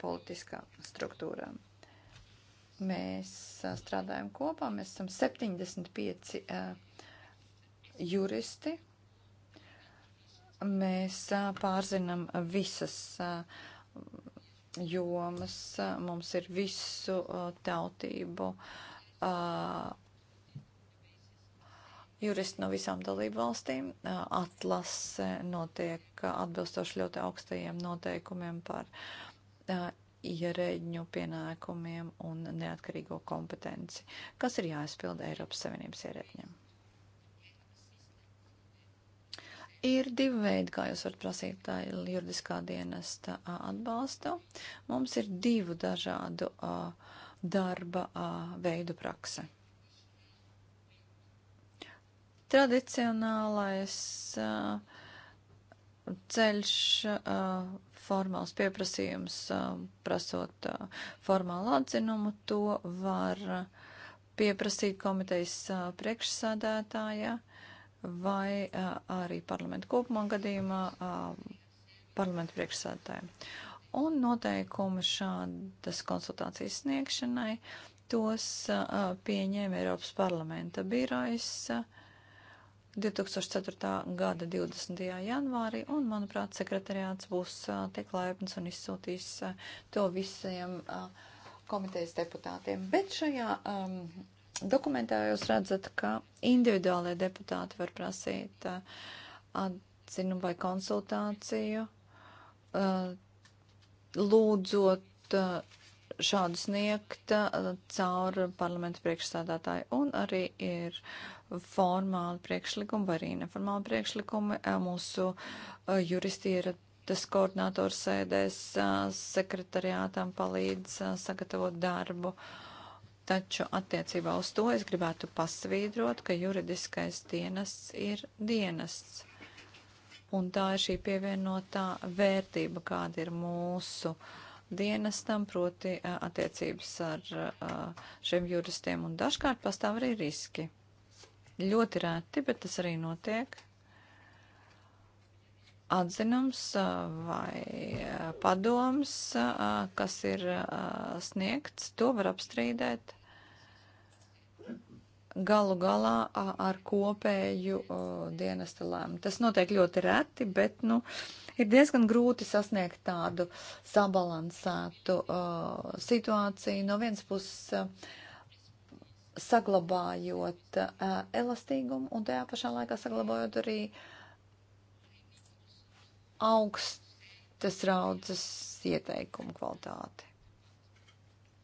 politiskā struktūrā. Mēs strādājam kopā, mēs esam 75 juristi. Mēs pārzinam visas jomas, mums ir visu tautību juristi no visām dalību valstīm. Atlase notiek atbilstoši ļoti augstajiem noteikumiem par ierēģņu pienākumiem un neatkarīgo kompetenci, kas ir jāizpilda Eiropas Savienības ierēģiem. Ir divi veidi, kā jūs varat prasīt juridiskā dienesta atbalstu. Mums ir divu dažādu a, darba a, veidu prakse. Tradicionālais a, ceļš, a, formāls pieprasījums, a, prasot a, formālu atzinumu, to var pieprasīt komitejas a, priekšsādātājai vai arī parlamentu kopumā gadījumā parlamentu priekšsēdētājiem. Un noteikumi šādas konsultācijas sniegšanai tos pieņēma Eiropas parlamenta birojas 2004. gada 20. janvārī, un, manuprāt, sekretariāts būs tik laipns un izsūtīs to visiem komitejas deputātiem. Bet šajā um, Dokumentā jūs redzat, ka individuālie deputāti var prasīt uh, atzinu vai konsultāciju, uh, lūdzot uh, šādu sniegt caur parlamentu priekšstādātāju un arī ir formāli priekšlikumi vai arī neformāli priekšlikumi mūsu juristi ir tas koordinators sēdēs sekretariātām palīdz sagatavot darbu. Uh, Taču attiecībā uz to es gribētu pasvīdrot, ka juridiskais dienests ir dienests. Un tā ir šī pievienotā vērtība, kāda ir mūsu dienestam, proti attiecības ar šiem juristiem. Un dažkārt pastāv arī riski. Ļoti rēti, bet tas arī notiek atzinums vai padoms, kas ir sniegts, to var apstrīdēt galu galā ar kopēju dienesta lēmumu. Tas notiek ļoti reti, bet, nu, ir diezgan grūti sasniegt tādu sabalansētu situāciju. No vienas puses, saglabājot elastīgumu un tajā pašā laikā saglabājot arī augstas raudzes ieteikumu kvalitāti.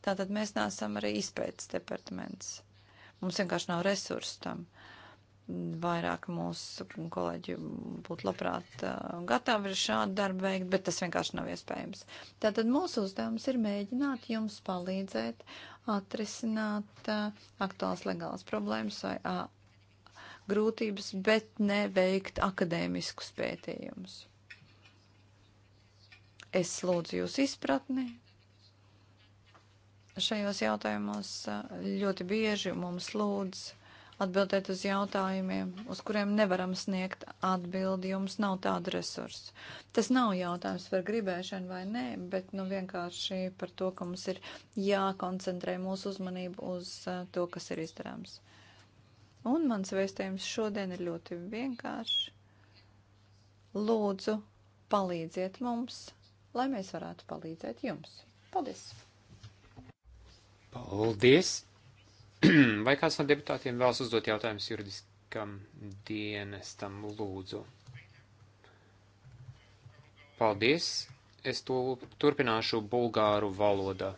Tātad mēs neesam arī izpētes departaments. Mums vienkārši nav resursu tam. Vairāk mūsu kolēģi būtu labprāt gatavi šādu darbu veikt, bet tas vienkārši nav iespējams. Tātad mūsu uzdevums ir mēģināt jums palīdzēt atrisināt aktuāls legāls problēmas vai grūtības, bet neveikt akadēmiskus pētījumus. Es lūdzu jūs izpratni šajos jautājumos ļoti bieži mums lūdz atbildēt uz jautājumiem, uz kuriem nevaram sniegt atbildi, jo mums nav tādu resursu. Tas nav jautājums par gribēšanu vai nē, bet nu, vienkārši par to, ka mums ir jākoncentrē mūsu uzmanību uz to, kas ir izdarāms. Un mans vēstījums šodien ir ļoti vienkāršs. Lūdzu, palīdziet mums, lai mēs varētu palīdzēt jums. Paldies! Paldies! [CLEARS THROAT] Vai kāds no deputātiem vēlas uzdot jautājumus juridiskam dienestam lūdzu? Paldies! Es to turpināšu bulgāru valodā.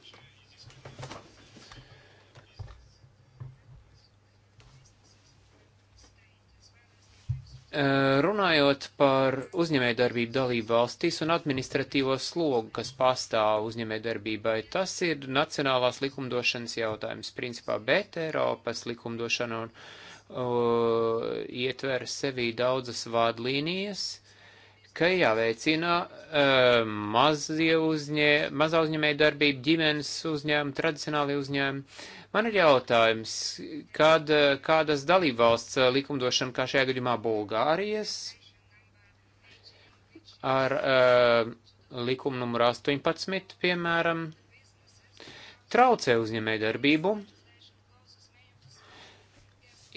Eh, runājot par uzņēmējdarbību dalību valstīs un administratīvo slogu, kas pastāv uzņēmējdarbībai, tas ir nacionālās likumdošanas jautājums principā, bet Eiropas likumdošana un, uh, ietver sevī daudzas vādlīnijas, ka jāveicina uh, mazie uzņē, mazā uzņēmēja darbība, ģimenes uzņēmumi, tradicionāli uzņēmumi. Man ir jautājums, kad, e, kādas dalībvalsts e, likumdošana, kā šajā gadījumā Bulgārijas, ar uh, likumu numur 18, piemēram, traucē uzņēmēju darbību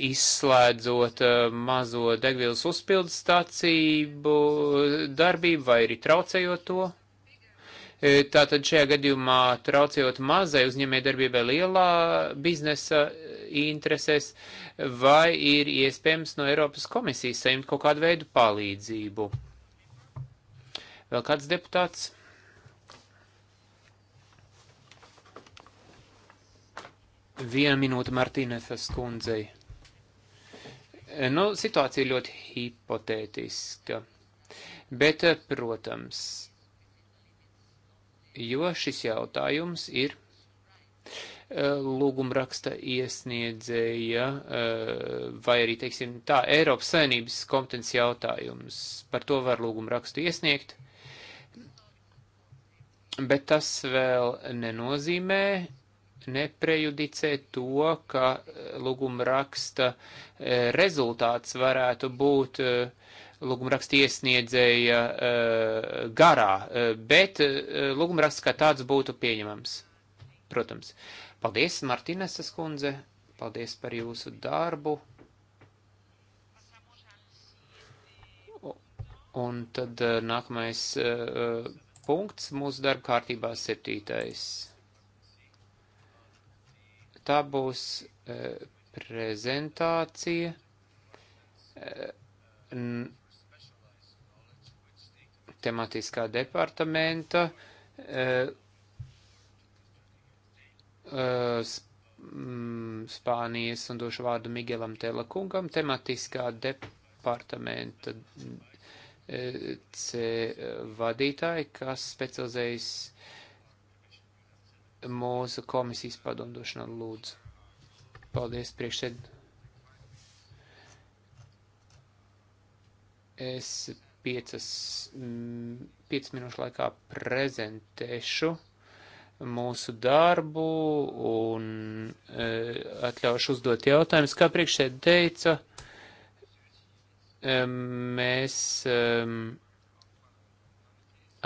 izslēdzot eh, mazo degvielas uzpildu stācību eh, darbību vai arī traucējot to. Eh, tātad šajā gadījumā traucējot mazai uzņēmē darbībai lielā biznesa interesēs, vai ir iespējams no Eiropas komisijas saņemt kaut kādu veidu palīdzību. Vēl kāds deputāts? Viena minūte Martīnefes kundzei. Nu, situācija ļoti hipotētiska, bet, eh, protams, jo šis jautājums ir eh, lūgumraksta iesniedzēja eh, vai arī, teiksim, tā Eiropas saimnības kompetences jautājums. Par to var lūgumrakstu iesniegt, bet tas vēl nenozīmē, neprejudicē to, ka eh, lūguma raksta eh, rezultāts varētu būt eh, lūguma raksta iesniedzēja garā, bet lūguma raksts kā tāds būtu pieņemams. Protams. Paldies, Martinesas kundze, paldies par jūsu darbu. Un tad nākamais punkts mūsu darba kārtībā septītais tā būs e, prezentācija e, tematiskā departamenta e, Spānijas un došu vārdu Miguelam Telakungam, tematiskā departamenta C vadītāji, kas specializējas uh, mūsu komisijas padomdošanā lūdzu. Paldies, priekšsēd. Es piecas, mm, piecas minūšu laikā prezentēšu mūsu darbu un e, atļaušu uzdot jautājumus. Kā priekšsēd teica, e, mēs. E,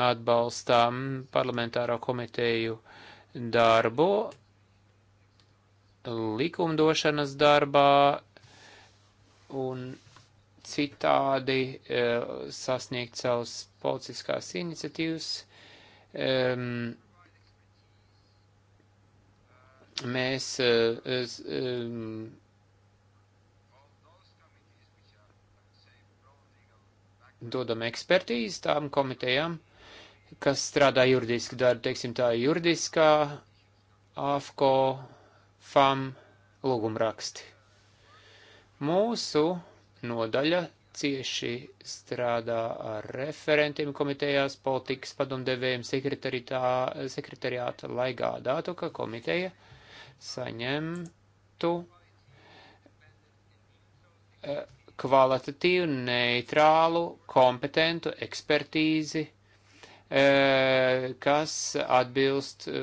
atbalstām parlamentāro komiteju uh, darbu likumdošanas darbā un citādi e, sasniegt savus policiskās iniciatīvas. E, mēs e, e, dodam ekspertīzi tām komitejām, kas strādā juridiski darbu, teiksim tā juridiskā, AFCO, FAM lūgumraksti. Mūsu nodaļa cieši strādā ar referentiem komitejās, politikas padomdevējiem, sekretariāta, lai gādātu, ka komiteja saņemtu eh, kvalitatīvu, neitrālu, kompetentu ekspertīzi Eh, kas atbilst eh,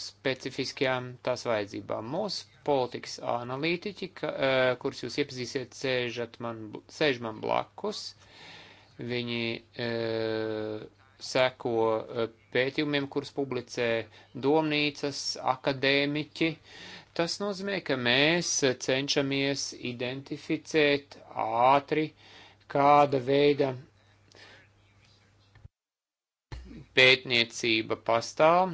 specifiskajām tās vajadzībām. Mūsu politikas analītiķi, eh, kurus jūs iepazīsiet, sēžat man, sēž man blakus, viņi seko pētījumiem, kurus publicē domnīcas, akadēmiķi. Tas nozīmē, ka mēs cenšamies identificēt ātri, kāda veida pētniecība pastāv,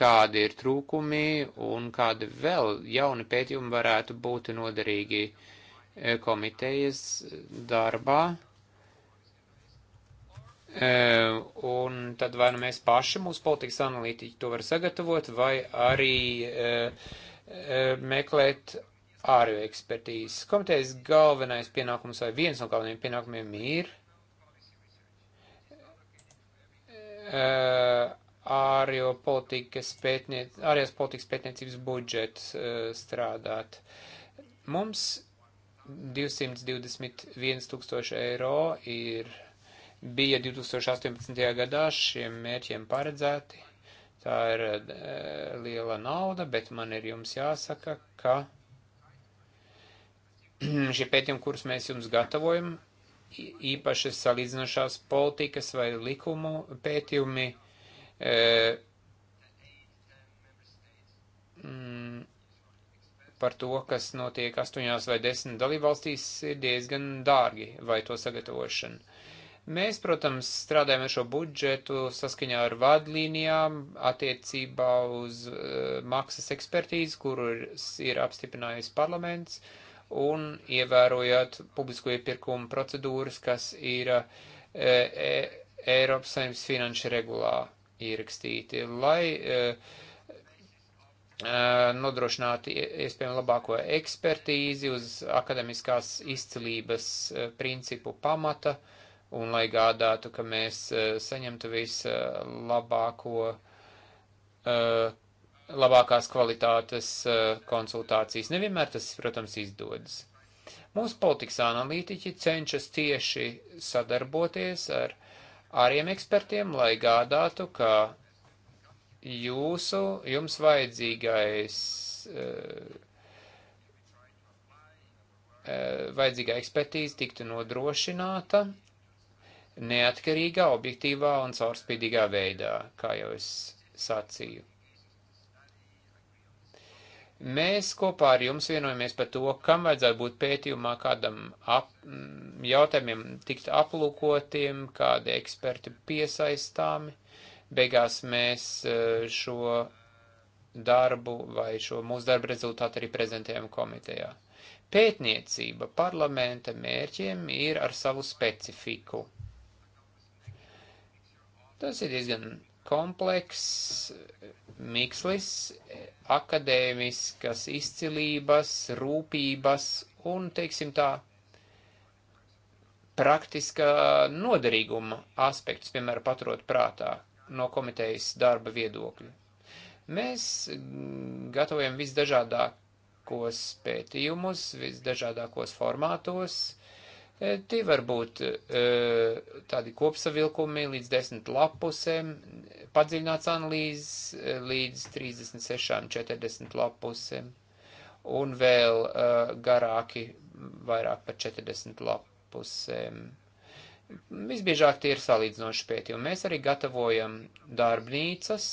kādi ir trūkumi un kādi vēl jauni pētījumi varētu būt noderīgi e, komitejas darbā. E, un tad vai nu mēs paši, mūsu politikas analītiķi, to var sagatavot, vai arī e, meklēt ārēju ekspertīzi. Komitejas galvenais pienākums vai viens no galvenajiem pienākumiem ir uh, Eh, ārējo politikas, pētniec, ārējās politikas pētniecības budžets eh, strādāt. Mums 221 tūkstoši eiro ir, bija 2018. gadā šiem mērķiem paredzēti. Tā ir e, liela nauda, bet man ir jums jāsaka, ka [CLEARS THROAT] šie pētījumi, kurus mēs jums gatavojam, īpašas salīdzinošās politikas vai likumu pētījumi. E, mm, par to, kas notiek astoņās vai desmit dalībvalstīs, ir diezgan dārgi vai to sagatavošana. Mēs, protams, strādājam ar šo budžetu saskaņā ar vadlīnijām attiecībā uz uh, maksas ekspertīzi, kuru ir, ir apstiprinājis parlaments. Uh, un ievērojot publisko iepirkumu procedūras, kas ir e, e, Eiropas saimnes finanšu regulā ierakstīti, lai e, e nodrošinātu iespējami labāko ekspertīzi uz akademiskās izcilības e, principu pamata un lai gādātu, ka mēs e, saņemtu vislabāko labākās kvalitātes eh, konsultācijas. Nevienmēr tas, protams, izdodas. Mūsu politikas analītiķi cenšas tieši sadarboties ar āriem ekspertiem, lai gādātu, ka jūsu, jums vajadzīgais, eh, eh, vajadzīgā ekspertīze tiktu nodrošināta neatkarīgā, objektīvā un caurspīdīgā veidā, kā jau es sacīju. Mēs kopā ar jums vienojamies par to, kam vajadzētu būt pētījumā, kādam ap, mm, jautājumiem tikt aplūkotiem, kādi eksperti piesaistāmi. Beigās mēs eh, šo darbu vai šo mūsu darbu rezultātu arī prezentējam komitejā. Pētniecība parlamenta mērķiem ir ar savu specifiku. Tas ir diezgan komplekss, mikslis akadēmiskas izcilības, rūpības un, teiksim tā, praktiskā noderīguma aspekts, piemēram, paturot prātā no komitejas darba viedokļa. Mēs gatavojam visdažādākos pētījumus, visdažādākos formātos. E, tie var būt e, tādi kopsavilkumi līdz desmit lapusēm, padziļināts analīzes eh, līdz 36-40 lapusēm un vēl uh, garāki vairāk par 40 lapusēm. Visbiežāk tie ir salīdzinoši pētījumi. Mēs arī gatavojam darbnīcas,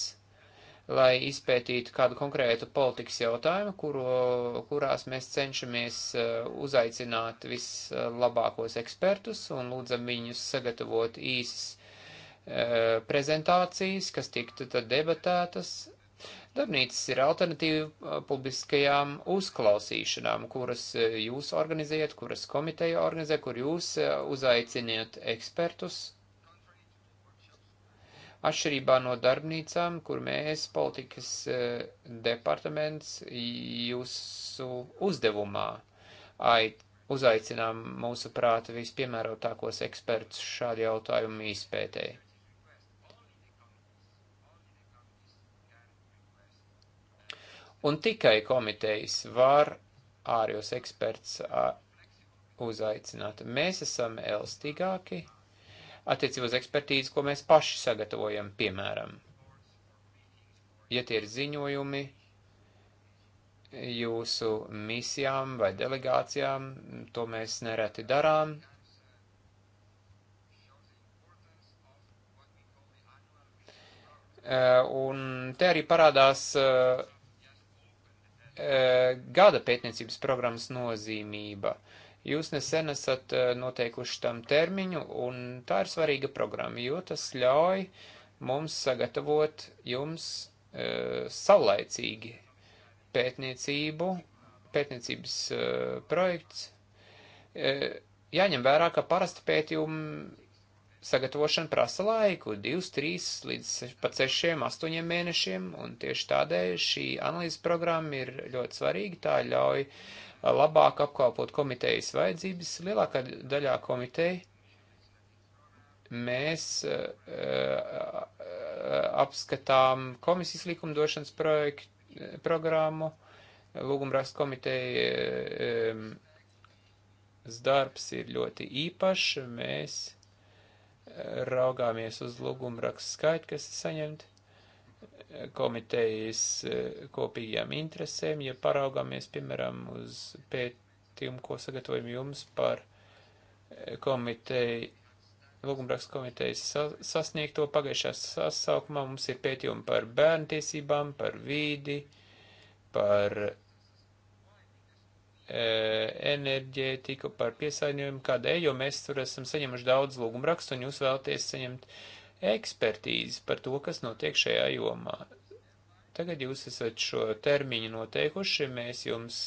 lai izpētītu kādu konkrētu politikas jautājumu, kuro, kurās mēs cenšamies eh, uzaicināt vislabākos ekspertus un lūdzam viņus sagatavot īsas Eh, prezentācijas, kas tiktu tad debatētas. Darbnīcas ir alternatīva eh, publiskajām uzklausīšanām, kuras eh, jūs organizējat, kuras komiteja organizē, kur jūs uzaiciniet ekspertus. Atšķirībā no darbnīcām, kur mēs, politikas departaments, jūsu uzdevumā aicinām uzaicinām mūsu prāta vispiemērotākos ekspertus šādu jautājumu izpētēji. Un tikai komitejas var ārjos eksperts uzaicināt. Mēs esam elastīgāki attiecībā uz ekspertīzi, ko mēs paši sagatavojam, piemēram. Ja tie ir ziņojumi jūsu misijām vai delegācijām, to mēs nereti darām, un te arī parādās uh, Eh, gada pētniecības programmas nozīmība. Jūs nesen esat eh, noteikuši tam termiņu, un tā ir svarīga programma, jo tas ļauj mums sagatavot jums e, saulaicīgi pētniecību, pētniecības e, projekts. E, jāņem vērā, ka parasti pētījumi sagatavošana prasa laiku, 2, 3 līdz pat 6, 8 mēnešiem, un tieši tādēļ šī analīzes programma ir ļoti svarīga, tā ļauj labāk apkalpot komitejas vajadzības. Lielākā daļā komiteja mēs uh, uh, apskatām komisijas likumdošanas projektu, e, programmu, lūgumrakstu komiteja. Um, darbs ir ļoti īpašs, mēs raugāmies uz lūgumu rakstu skaitu, kas ir saņemti komitejas eh, kopīgajām interesēm, ja paraugāmies, piemēram, uz pētījumu, ko sagatavojam jums par eh, komiteju, lūgumrakstu komitejas sasniegto pagājušā sasaukumā, mums ir pētījumi par bērnu tiesībām, par vīdi, par E, enerģētiku, par piesārņojumu, kādēļ, jo mēs tur esam saņemuši daudz lūgumu rakstu un jūs vēlaties saņemt ekspertīzi par to, kas notiek šajā jomā. Tagad jūs esat šo termiņu noteikuši, mēs jums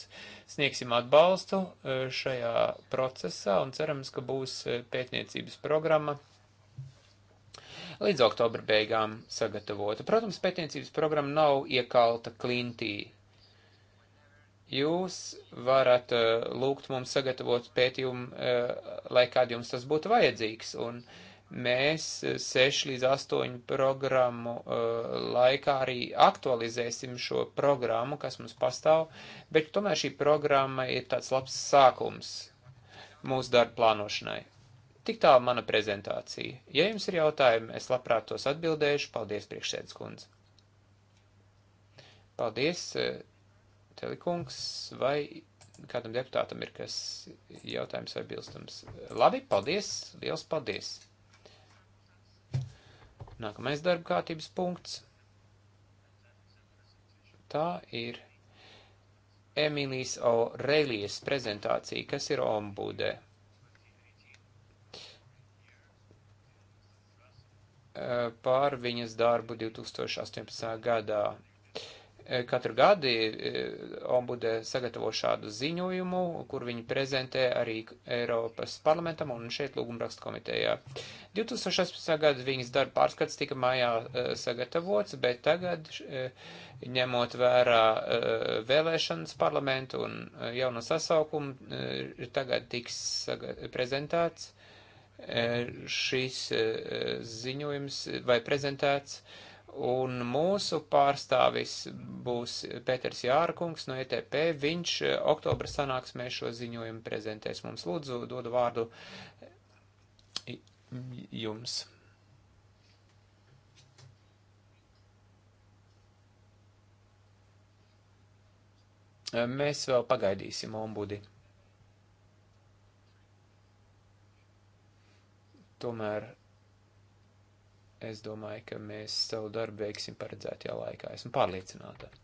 sniegsim atbalstu e, šajā procesā un cerams, ka būs e, pētniecības programma līdz oktobra beigām sagatavota. Protams, pētniecības programma nav iekalta klintī Jūs varat uh, lūgt mums sagatavot pētījumu, uh, lai kād jums tas būtu vajadzīgs, un mēs 6 līdz 8 programmu uh, laikā arī aktualizēsim šo programmu, kas mums pastāv, bet tomēr šī programma ir tāds labs sākums mūsu darba plānošanai. Tik tālu mana prezentācija. Ja jums ir jautājumi, es labprāt tos atbildēšu. Paldies, priekšsēdus kundze. Paldies. Telikungs, vai kādam deputātam ir kas jautājums vai bilstams? Labi, paldies, liels paldies! Nākamais darba kārtības punkts. Tā ir Emīlijas Aurelijas prezentācija, kas ir ombudē. Pār viņas darbu 2018. gadā Eh, katru gadu eh, ombude sagatavo šādu ziņojumu, kur viņi prezentē arī Eiropas parlamentam un šeit lūgumrakstu komitejā. 2016. gada viņas darba pārskats tika mājā eh, sagatavots, bet tagad, ņemot vērā vēlēšanas parlamentu un jauno sasaukumu, tagad tiks prezentēts šīs ziņojums vai prezentēts un mūsu pārstāvis būs Pēters Jārkungs no ETP. Viņš eh, oktobra sanāksmē šo ziņojumu prezentēs mums. Lūdzu, dodu vārdu jums. Eh, mēs vēl pagaidīsim ombudi. Tomēr Es domāju, ka mēs savu darbu veiksim paredzētajā laikā. Esmu pārliecināta.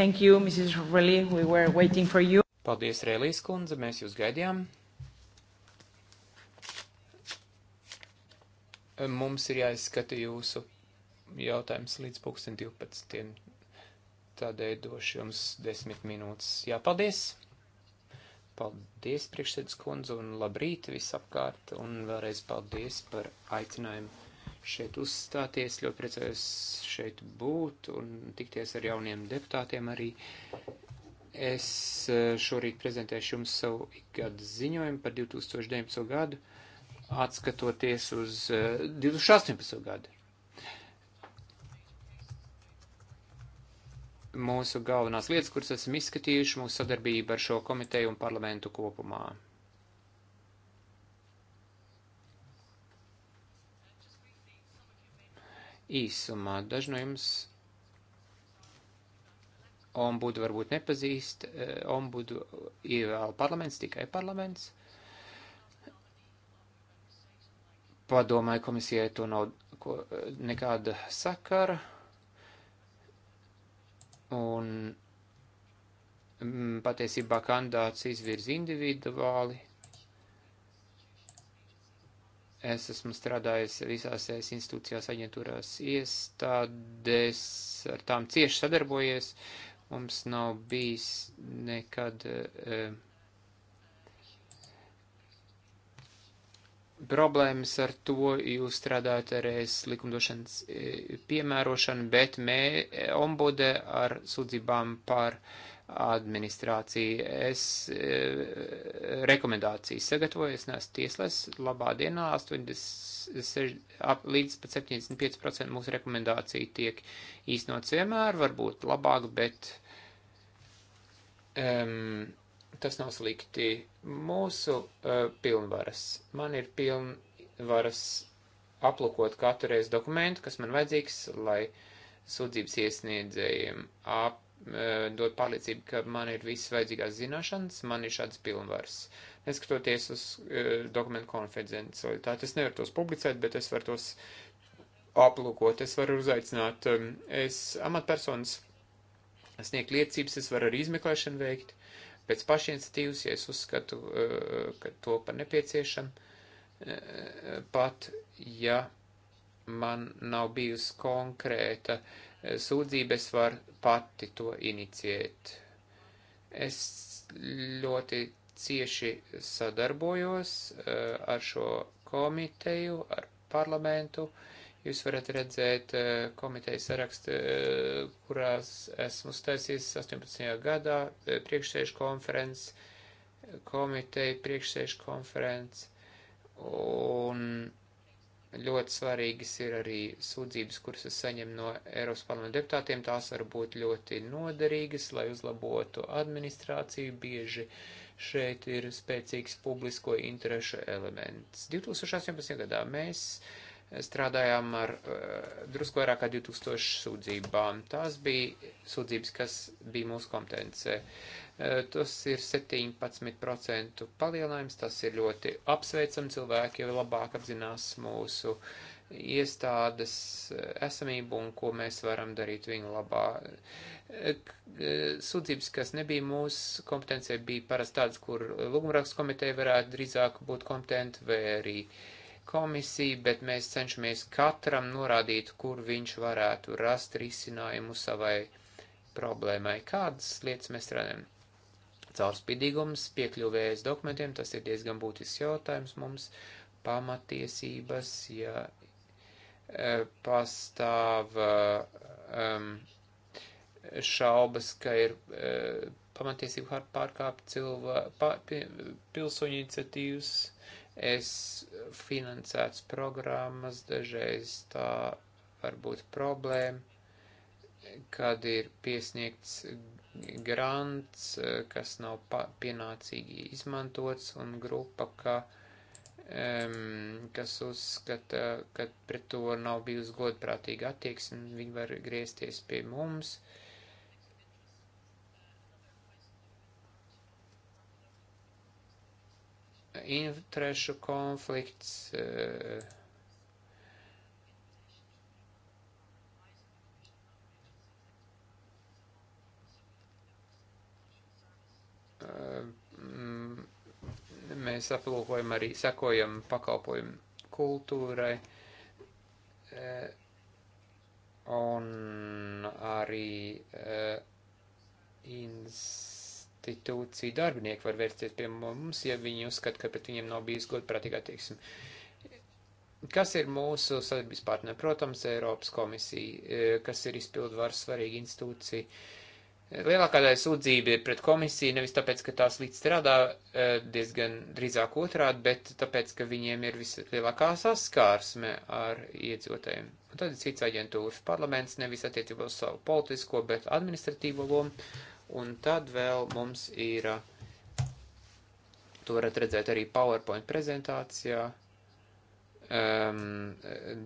Thank you, Mrs. Relly. We were waiting for you. Paldies, Relīs kundze. Mēs jūs gaidījām. Mums ir jāizskata jūsu jautājums līdz 2012. Tādēļ došu jums desmit minūtes. Jā, paldies! Paldies, priekšsēdus kundze, un labrīt visapkārt, un vēlreiz paldies par aicinājumu šeit uzstāties, ļoti priecājos šeit būt un tikties ar jauniem deputātiem arī. Es e, šorīt prezentēšu jums savu ikgadu ziņojumu par 2019. gadu, atskatoties uz 2018. E, gadu. Mūsu galvenās lietas, kuras esam izskatījuši, mūsu sadarbība ar šo komiteju un parlamentu kopumā. īsumā. Daži no jums ombudu varbūt nepazīst, eh, ombudu ievēl parlaments, tikai parlaments. Padomāju, komisijai to nav ko, eh, nekāda sakara. Un mm, patiesībā kandidāts izvirz individuāli, Es esmu strādājis visās es institūcijās, aģentūrās, iestādēs, ar tām cieši sadarbojies. Mums nav bijis nekad uh, problēmas ar to, jūs strādājat ar es likumdošanas eh, piemērošanu, bet mē, ombude ar sūdzībām par uh, administrācija. Es e, rekomendācijas sagatavoju, es neesmu tieslēs, labā dienā 86, ap, līdz pat 75% mūsu rekomendācija tiek īstenots vienmēr, varbūt labāk, bet um, tas nav slikti. Mūsu uh, pilnvaras. Man ir pilnvaras aplūkot katru reizi dokumentu, kas man vajadzīgs, lai sūdzības iesniedzējiem ap dot pārliecību, ka man ir visas vajadzīgās zināšanas, man ir šāds pilnvars. Neskatoties uz uh, dokumentu konfidencialitāti, es nevaru tos publicēt, bet es varu tos aplūkot, es varu uzaicināt, um, es amatpersonas sniegt liecības, es varu arī izmeklēšanu veikt, pēc pašiniciatīvas, ja es uzskatu, uh, ka to par nepieciešam, uh, pat ja man nav bijusi konkrēta uh, sūdzības var pati to inicijēt. Es ļoti cieši sadarbojos eh, ar šo komiteju, ar parlamentu. Jūs varat redzēt eh, komitejas sarakstu, eh, kurās esmu staisījis 18. gadā, priekšsēžu konferences, komiteja priekšsēžu konferences un Ļoti svarīgas ir arī sūdzības, kuras es saņemu no Eiropas parlamenta deputātiem. Tās var būt ļoti noderīgas, lai uzlabotu administrāciju. Bieži šeit ir spēcīgs publisko interešu elements. 2018. gadā mēs uh, strādājām ar uh, drusku vairāk kā 2000 sūdzībām. Tās bija sūdzības, kas bija mūsu kompetence. Uh, tas ir 17% palielinājums, tas ir ļoti apsveicam cilvēki, jo labāk apzinās mūsu iestādes eh, esamību un ko mēs varam darīt viņu labā. Uh, sūdzības, kas nebija mūsu kompetencija, bija parasti tādas, kur lūgumrakstu komiteja varētu drīzāk būt kompetenta vai arī uh, komisiju, bet mēs cenšamies katram norādīt, kur viņš varētu rast risinājumu savai problēmai, kādas lietas mēs strādājam. Caurspīdīgums, piekļuvējas dokumentiem, tas ir diezgan būtisks jautājums mums, pamatiesības, ja e, pastāv um, šaubas, ka ir uh, pamatiesību pārkāpt cilvēku, pilsoņu iniciatīvas, es finansēts programmas, dažreiz tā var būt problēma, kad ir piesniegts grants, kas nav pienācīgi izmantots, un grupa, ka, um, kas uzskata, ka pret to nav bijusi godprātīga attieksme, viņi var griezties pie mums. Uh, interešu konflikts, eh, mm, mēs aplūkojam arī, sekojam pakalpojumu kultūrai eh, un arī eh, ins institūciju darbinieki var vērsties pie mums, ja viņi uzskata, ka pret viņiem nav bijis godprātīga attieksme. Kas ir mūsu sadarbības partneri? Protams, Eiropas komisija, e, kas ir izpildvaras svarīga institūcija. E, lielākā daļa sūdzība ir pret komisiju, nevis tāpēc, ka tās līdz strādā e, diezgan drīzāk otrādi, bet tāpēc, ka viņiem ir vislielākā saskārsme ar iedzotēm. Un tad ir cits aģentūras parlaments, nevis attiecībā uz savu politisko, bet administratīvo lomu. Un tad vēl mums ir, to varat redzēt arī PowerPoint prezentācijā, um,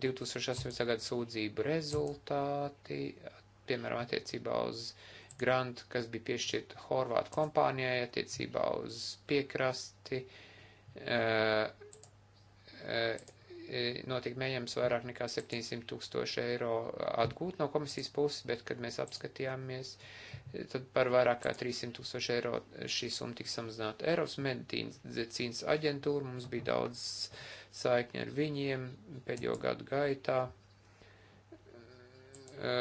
2018. gada sūdzību rezultāti, piemēram, attiecībā uz grantu, kas bija piešķirta Horvātu kompānijai, attiecībā uz piekrasti, uh, uh, E, notikme ejams vairāk nekā 700 tūkstoši eiro atgūt no komisijas puses, bet, kad mēs apskatījāmies, e, tad par vairāk kā 300 tūkstoši eiro šī summa tika samazināta. Eiropas medicīnas aģentūra, mums bija daudz saikņi ar viņiem pēdējo gadu gaitā. E,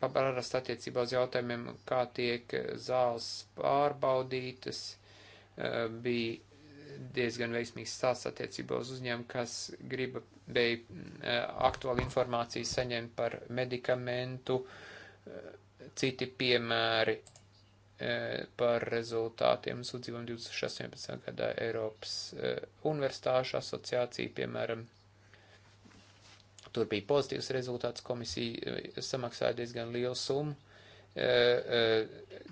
Parast attiecībā uz jautājumiem, kā tiek zāles pārbaudītas, bija diezgan veiksmīgs stāsts attiecībā uz uzņēmumu, kas gribēja eh, aktuālu informāciju saņemt par medikamentu, eh, citi piemēri eh, par rezultātiem sūdzībām 2018. gadā Eiropas Universitāšu asociācija, piemēram, tur bija pozitīvs rezultāts, komisija samaksāja diezgan lielu summu,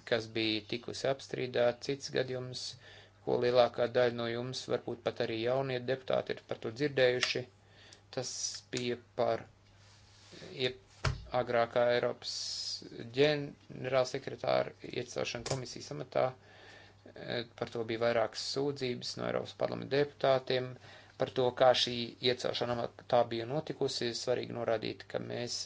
kas bija tikusi apstrīdēta, cits gadījums. jums ko lielākā daļa no jums, varbūt pat arī jaunie deputāti, ir par to dzirdējuši. Tas bija par agrākā Eiropas ģenerālsekretāra iecelšanu komisijas amatā. E, par to bija vairākas sūdzības no Eiropas parlamenta deputātiem. Par to, kā šī iecelšana tā bija notikusi, ir svarīgi norādīt, ka mēs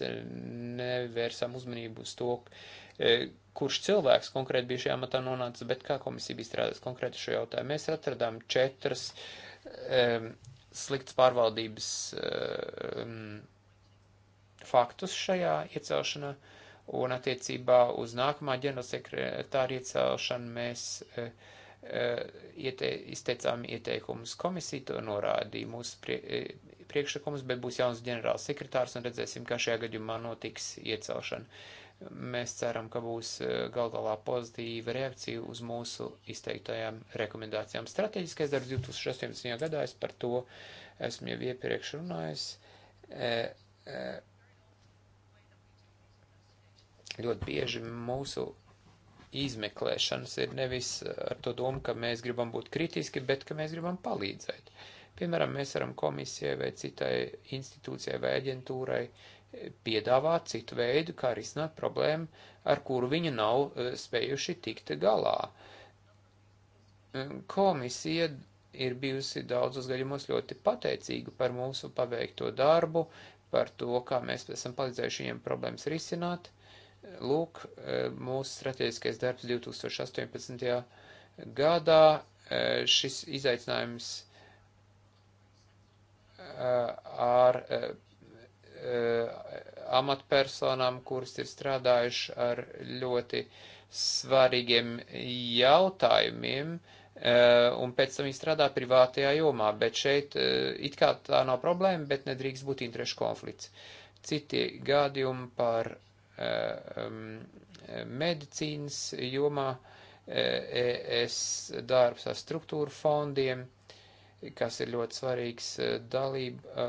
nevērsām uzmanību uz to, uh, E, kurš cilvēks konkrēti bija šajā matā nonācis, bet kā komisija bija strādājusi konkrēti šo jautājumu. Mēs atradām četras um, sliktas pārvaldības um, faktus šajā iecelšanā, un attiecībā uz nākamā ģenerālsekretāra iecelšanu mēs uh, uh, iete, izteicām ieteikumus. Komisija to norādīja mūsu prie, priekšlikumus, bet būs jauns ģenerālsekretārs, un redzēsim, kā šajā gadījumā notiks iecelšana. Uh, Mēs ceram, ka būs e, gal galā pozitīva reakcija uz mūsu izteiktajām rekomendācijām. Strateģiskais darbs 2018. gadā, es par to esmu jau iepriekš runājis. E, e, ļoti bieži mūsu izmeklēšanas ir nevis ar to domu, ka mēs gribam būt kritiski, bet ka mēs gribam palīdzēt. Piemēram, mēs varam komisijai vai citai institūcijai vai aģentūrai piedāvā citu veidu, kā risināt problēmu, ar kuru viņi nav eh, spējuši tikt galā. Mm, komisija ir bijusi daudzos gadījumos ļoti pateicīga par mūsu paveikto darbu, par to, kā mēs esam palīdzējuši viņiem problēmas risināt. Lūk, eh, mūsu strateģiskais darbs 2018. gadā eh, šis izaicinājums ar Eh, amatpersonām, kuras ir strādājuši ar ļoti svarīgiem jautājumiem, eh, un pēc tam viņi strādā privātajā jomā, bet šeit eh, it kā tā nav problēma, bet nedrīkst būt interešu konflikts. Citi gādījumi par medicīnas jomā, es e darbs ar struktūru fondiem, kas ir ļoti svarīgs dalību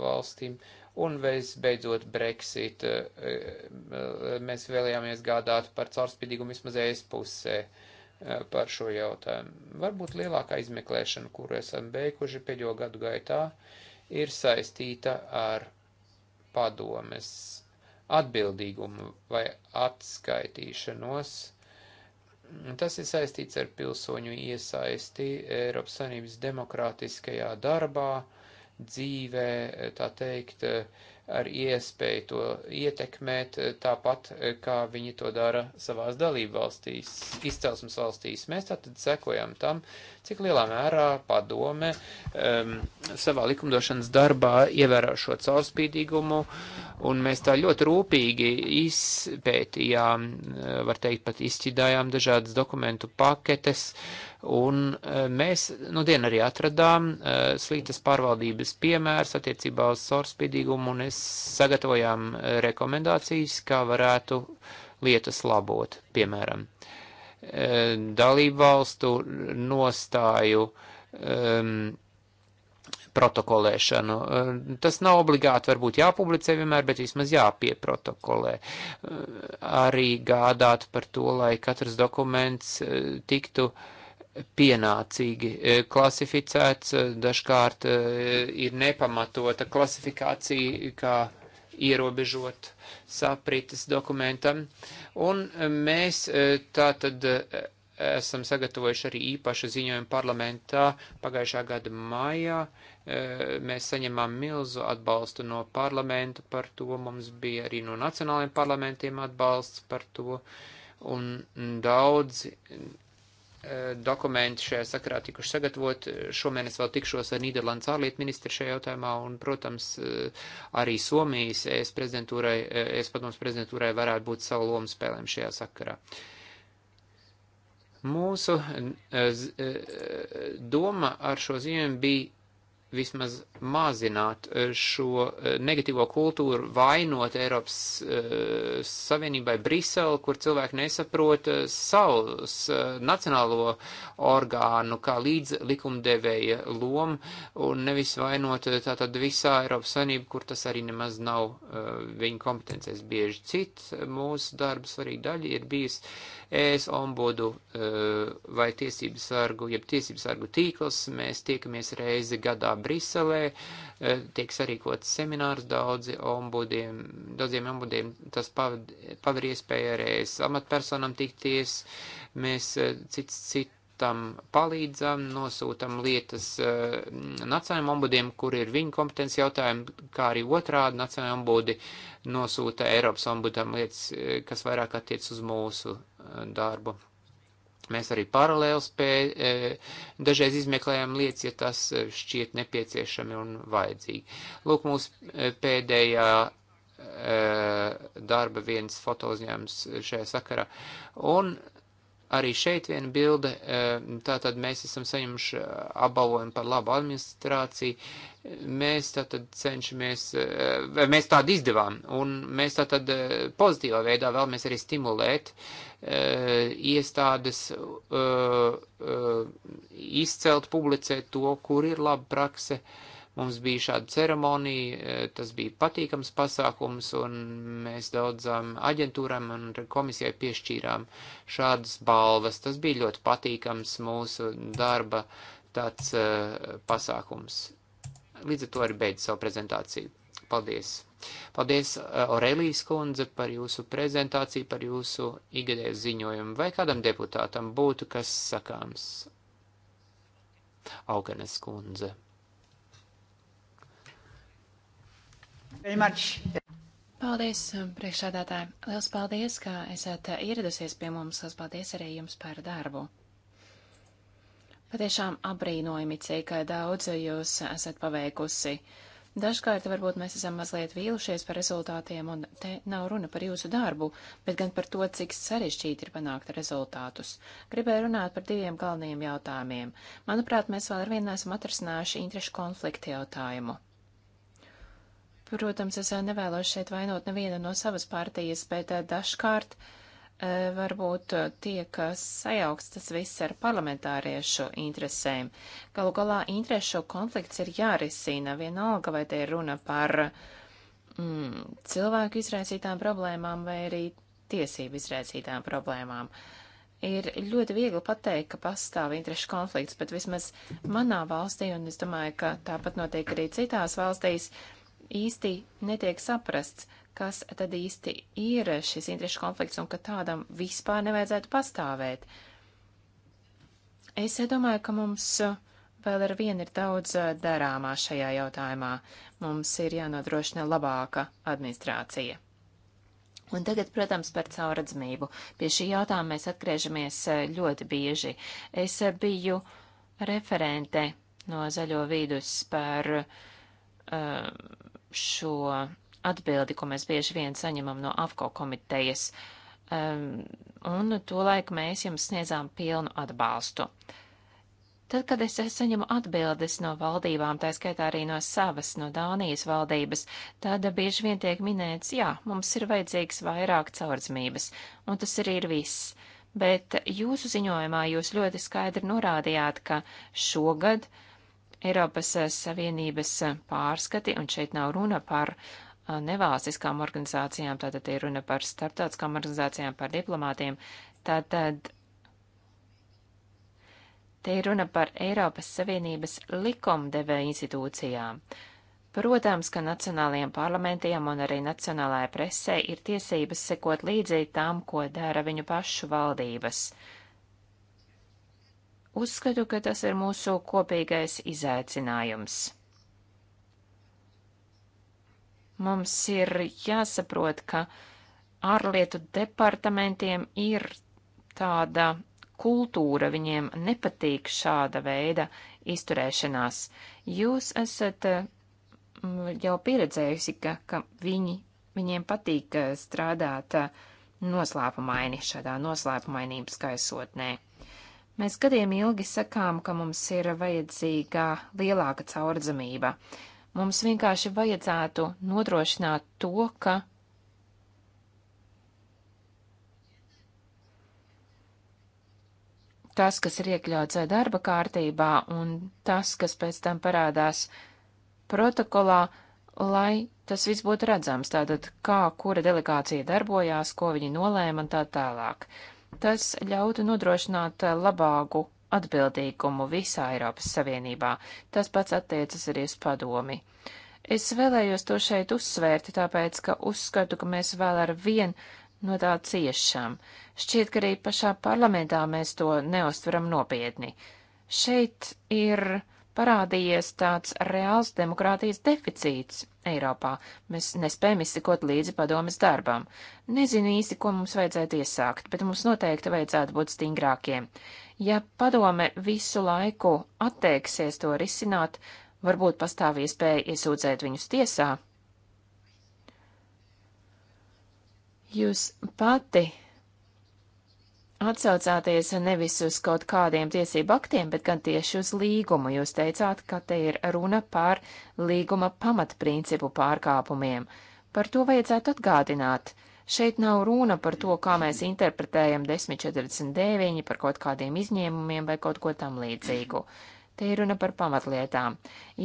valstīm. Uh, Un visbeidzot, Brexit, eh, eh, mēs vēlējāmies gādāt par caurspīdīgumu vismaz ēst pusē eh, par šo jautājumu. Varbūt lielākā izmeklēšana, kuru esam beiguši pēdējo gadu gaitā, ir saistīta ar padomes atbildīgumu vai atskaitīšanos. Tas ir saistīts ar pilsoņu iesaisti Eiropas Savienības demokrātiskajā darbā dzīvē, tā teikt, ar iespēju to ietekmēt, tāpat kā viņi to dara savās dalību valstīs, izcelsmes valstīs. Mēs tātad sekojam tam, cik lielā mērā padome um, savā likumdošanas darbā ievērā šo caurspīdīgumu, un mēs tā ļoti rūpīgi izpētījām, var teikt, pat izķidājām dažādas dokumentu paketes. Uh, Un e, mēs nu dien arī atradām e, slītas pārvaldības piemērs attiecībā uz sorspīdīgumu un es sagatavojām e, rekomendācijas, kā varētu lietas labot, piemēram, dalību valstu nostāju um, protokolēšanu. Tas nav obligāti varbūt jāpublicē vienmēr, bet vismaz jāpieprotokolē. Arī gādāt par to, lai katrs dokuments tiktu uh, pienācīgi e, klasificēts, e, dažkārt e, ir nepamatota klasifikācija, kā ierobežot saprites dokumentam. Un mēs tā tad esam sagatavojuši arī īpašu ziņojumu parlamentā pagājušā gada maijā. Mēs saņemām milzu atbalstu no parlamenta par to, mums bija arī no nacionālajiem parlamentiem atbalsts par to, un daudzi Eh, dokumenti šajā sakarā tikuši sagatavot. Eh, šomēnes vēl tikšos ar Nīderlandes ārlietu ministru šajā jautājumā, un, protams, eh, arī Somijas ES prezidentūrai, ES padoms prezidentūrai varētu būt savu lomu spēlēm šajā sakarā. Mūsu doma ar šo ziņojumu bija vismaz mazināt eh, šo eh, negatīvo kultūru, vainot Eiropas eh, Savienībai Briseli, kur cilvēki nesaprot savus nacionālo orgānu kā līdz likumdevēja lomu, un nevis vainot tātad visā Eiropas Savienību, kur tas arī nemaz nav viņa kompetencijas bieži. Cit mūsu darba svarīga daļa ir bijis uh, ES ombudu eh, vai tiesību sargu, jeb tiesību sargu tīklus. Mēs tiekamies reizi gadā Briselē, eh, tiek sarīkots seminārs daudzi ombudiem, daudziem ombudiem. Tas paver iespēju arī es amatpersonam tikties. Mēs eh, cits citu tam palīdzam, nosūtam lietas uh, nacionālajiem ombudiem, kur ir viņa kompetenci jautājumi, kā arī otrādi nacionālajiem ombudi nosūta Eiropas ombudam lietas, eh, kas vairāk attiec uz mūsu uh, darbu. Mēs arī paralēli spēj, uh, dažreiz izmeklējam lietas, ja tas šķiet nepieciešami un vajadzīgi. Lūk, mūsu pēdējā darba viens fotouzņēmums šajā sakarā. Un Arī šeit viena bilde, eh, tātad mēs esam saņemuši eh, apbalvojumu par labu administrāciju, mēs tātad cenšamies, eh, vai mēs tādu izdevām, un mēs tātad pozitīvā veidā vēlamies arī stimulēt iestādes izcelt, publicēt to, kur ir laba prakse, uh, Mums bija šāda ceremonija, e, tas bija patīkams pasākums, un mēs daudzām aģentūram un komisijai piešķīrām šādas balvas. Tas bija ļoti patīkams mūsu darba tāds uh, pasākums. Līdz ar to arī beidz savu prezentāciju. Paldies! Paldies, e, Aurelijas kundze, par jūsu prezentāciju, par jūsu ikgadēju ziņojumu. Vai kādam deputātam būtu kas sakāms? Auganes kundze. Paldies, priekšsādātāji. Liels paldies, ka esat ieradusies pie mums. Liels paldies arī jums par darbu. Patiešām abrīnojami, cik daudz jūs esat paveikusi. Dažkārt varbūt mēs esam mazliet vīlušies par rezultātiem, un te nav runa par jūsu darbu, bet gan par to, cik sarežģīti ir panākt rezultātus. Gribēju runāt par diviem galvenajiem jautājumiem. Manuprāt, mēs vēl ar vienu neesam atrasinājuši interešu konflikta jautājumu. Protams, es eh, nevēlos šeit vainot nevienu no savas partijas, bet eh, dažkārt eh, varbūt tiek sajauks tas viss ar parlamentāriešu interesēm. Galu galā interešu konflikts ir jārisina vienalga, vai te ir runa par mm, cilvēku izraisītām problēmām vai arī tiesību izraisītām problēmām. Ir ļoti viegli pateikt, ka pastāv interešu konflikts, bet vismaz manā valstī, un es domāju, ka tāpat notiek arī citās valstīs, uh, īsti netiek saprasts, kas tad īsti ir šis interešu konflikts un ka tādam vispār nevajadzētu pastāvēt. Es domāju, ka mums vēl ar vienu ir daudz eh, darāmā šajā jautājumā. Mums ir jānodrošina labāka administrācija. Un tagad, protams, par caurredzamību. Pie šī jautājuma mēs atgriežamies eh, ļoti bieži. Es eh, biju referente no zaļo vidus par uh, šo atbildi, ko mēs bieži vien saņemam no AFCO komitejas, um, un to laiku mēs jums sniedzām pilnu atbalstu. Tad, kad es saņemu atbildes no valdībām, tā skaitā arī no savas, no Dānijas valdības, tad bieži vien tiek minēts, jā, mums ir vajadzīgs vairāk caurdzmības, un tas arī ir viss. Bet jūsu ziņojumā jūs ļoti skaidri norādījāt, ka šogad uh, Eiropas eh, Savienības eh, pārskati, un šeit nav runa par eh, nevalstiskām organizācijām, tātad ir runa par starptautiskām organizācijām, par diplomātiem, tātad te ir runa par Eiropas Savienības likumdevē institūcijām. Protams, ka nacionālajiem parlamentiem un arī nacionālajai presē ir tiesības sekot līdzi tām, ko dara viņu pašu valdības. Uh, Uzskatu, ka tas ir mūsu kopīgais izaicinājums. Mums ir jāsaprot, ka ārlietu departamentiem ir tāda kultūra, viņiem nepatīk šāda veida izturēšanās. Jūs esat mm, jau pieredzējusi, ka, ka viņi, viņiem patīk eh, strādāt eh, noslēpumaini šādā noslēpumainības gaisotnē. Mēs gadiem ilgi sakām, ka mums ir vajadzīga lielāka caurdzamība. Mums vienkārši vajadzētu nodrošināt to, ka tas, kas ir iekļauts darba kārtībā un tas, kas pēc tam parādās protokolā, lai tas viss būtu redzams, tātad kā kura delegācija darbojās, ko viņi nolēma un tā tālāk. Uh, Tas ļautu nodrošināt labāku atbildīgumu visā Eiropas Savienībā. Tas pats attiecas arī uz padomi. Es vēlējos to šeit uzsvērt, tāpēc, ka uzskatu, ka mēs vēl ar vien no tā ciešam. Šķiet, ka arī pašā parlamentā mēs to neustveram nopietni. Šeit ir parādījies tāds reāls demokrātijas deficīts. Eiropā. Mēs nespējam izsekot līdzi padomas darbam. Nezinu īsti, ko mums vajadzētu iesākt, bet mums noteikti vajadzētu būt stingrākiem. Ja padome visu laiku atteiksies to risināt, varbūt pastāv iespēja iesūdzēt viņus tiesā. Jūs pati atsaucāties nevis uz kaut kādiem tiesību aktiem, bet gan tieši uz līgumu. Jūs teicāt, ka te ir runa par līguma pamatprincipu pārkāpumiem. Par to vajadzētu atgādināt. Šeit nav runa par to, kā mēs interpretējam 1049 par kaut kādiem izņēmumiem vai kaut ko tam līdzīgu. Te ir runa par pamatlietām.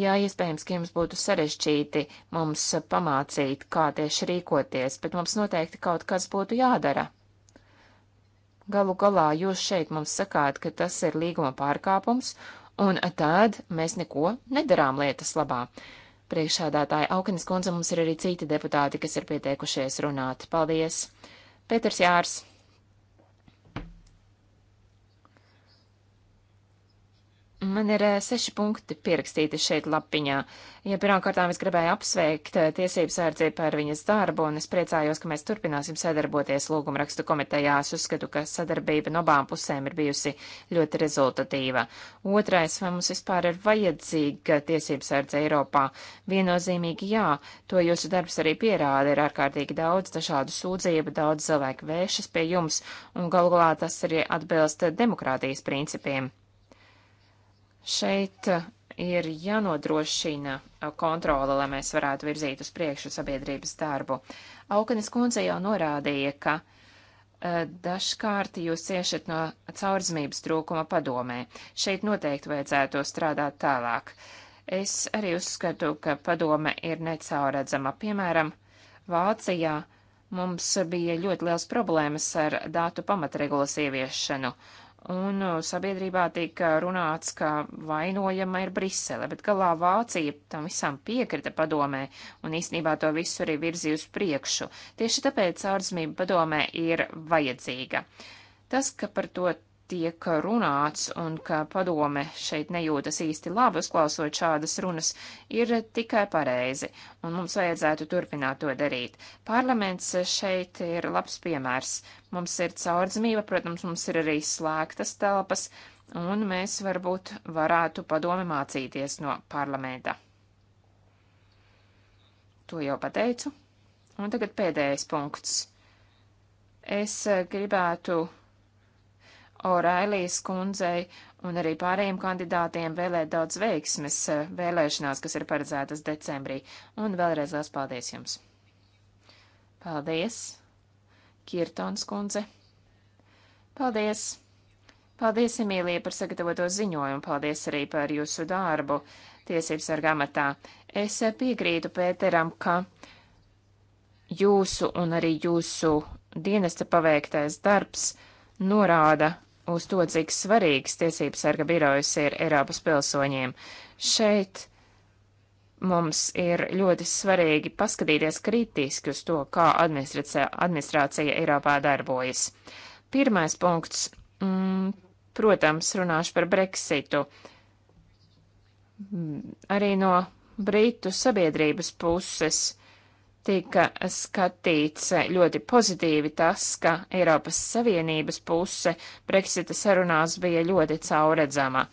Jā, iespējams, ka jums būtu sarežģīti mums pamācīt, kā tieši rīkoties, bet mums noteikti kaut kas būtu jādara. Galu galā jūs šeit mums sakāt, ka tas ir līguma pārkāpums, un tad mēs neko nedarām lietas labā. Priekšādātāja Aukenis kundze mums ir arī citi deputāti, kas ir pieteikušies runāt. Paldies! Pēters Jārs! Man ir eh, seši punkti pierakstīti šeit lapiņā. Ja pirmkārtām es gribēju apsveikt eh, tiesības sārdzību par viņas darbu, un es priecājos, ka mēs turpināsim sadarboties lūgumrakstu komitejā. Es uzskatu, ka sadarbība no abām pusēm ir bijusi ļoti rezultatīva. Otrais, vai mums vispār ir vajadzīga tiesības sārdze Eiropā? Viennozīmīgi jā, to jūsu darbs arī pierāda. Ir ārkārtīgi daudz dažādu sūdzību, daudz cilvēku vēršas pie jums, un galu galā tas arī atbilst demokrātijas principiem. Šeit eh, ir jānodrošina eh, kontrole, lai mēs varētu virzīt uz priekšu sabiedrības darbu. Aukanis kundze jau norādīja, ka eh, dažkārt jūs ciešat no caurzmības trūkuma padomē. Šeit noteikti vajadzētu strādāt tālāk. Es arī uzskatu, ka padome ir necauredzama. Piemēram, Vācijā mums bija ļoti liels problēmas ar datu pamatregulas ieviešanu, un uh, sabiedrībā tika uh, runāts, ka vainojama ir Brisele, bet galā Vācija tam visam piekrita padomē un īstenībā to visu arī virzīja uz priekšu. Tieši tāpēc ārzemība padomē ir vajadzīga. Tas, ka par to tiek runāts un ka padome šeit nejūtas īsti labi uzklausot šādas runas, ir tikai pareizi, un mums vajadzētu turpināt to darīt. Parlaments šeit ir labs piemērs. Mums ir caurdzmība, protams, mums ir arī slēgtas telpas, un mēs varbūt varētu padomi mācīties no parlamenta. To jau pateicu. Un tagad pēdējais punkts. Es gribētu Orailijas kundzei un arī pārējiem kandidātiem vēlēt daudz veiksmes eh, vēlēšanās, kas ir paredzētas decembrī. Un vēlreiz liels paldies jums! Paldies, Kirtons kundze! Paldies! Paldies, Emīlija, par sagatavoto ziņojumu, paldies arī par jūsu darbu tiesības sargāmatā. Es eh, piekrītu Pēteram, ka jūsu un arī jūsu dienesta paveiktais darbs norāda uz to, cik svarīgs tiesības sarga birojas ir Eiropas pilsoņiem. Šeit mums ir ļoti svarīgi paskatīties kritiski uz to, kā administrācija, administrācija Eiropā darbojas. Pirmais punkts, mm, protams, runāšu par Brexitu. Mm, arī no Britu sabiedrības puses tika skatīts ļoti pozitīvi tas, ka Eiropas Savienības puse Brexita sarunās bija ļoti cauredzama.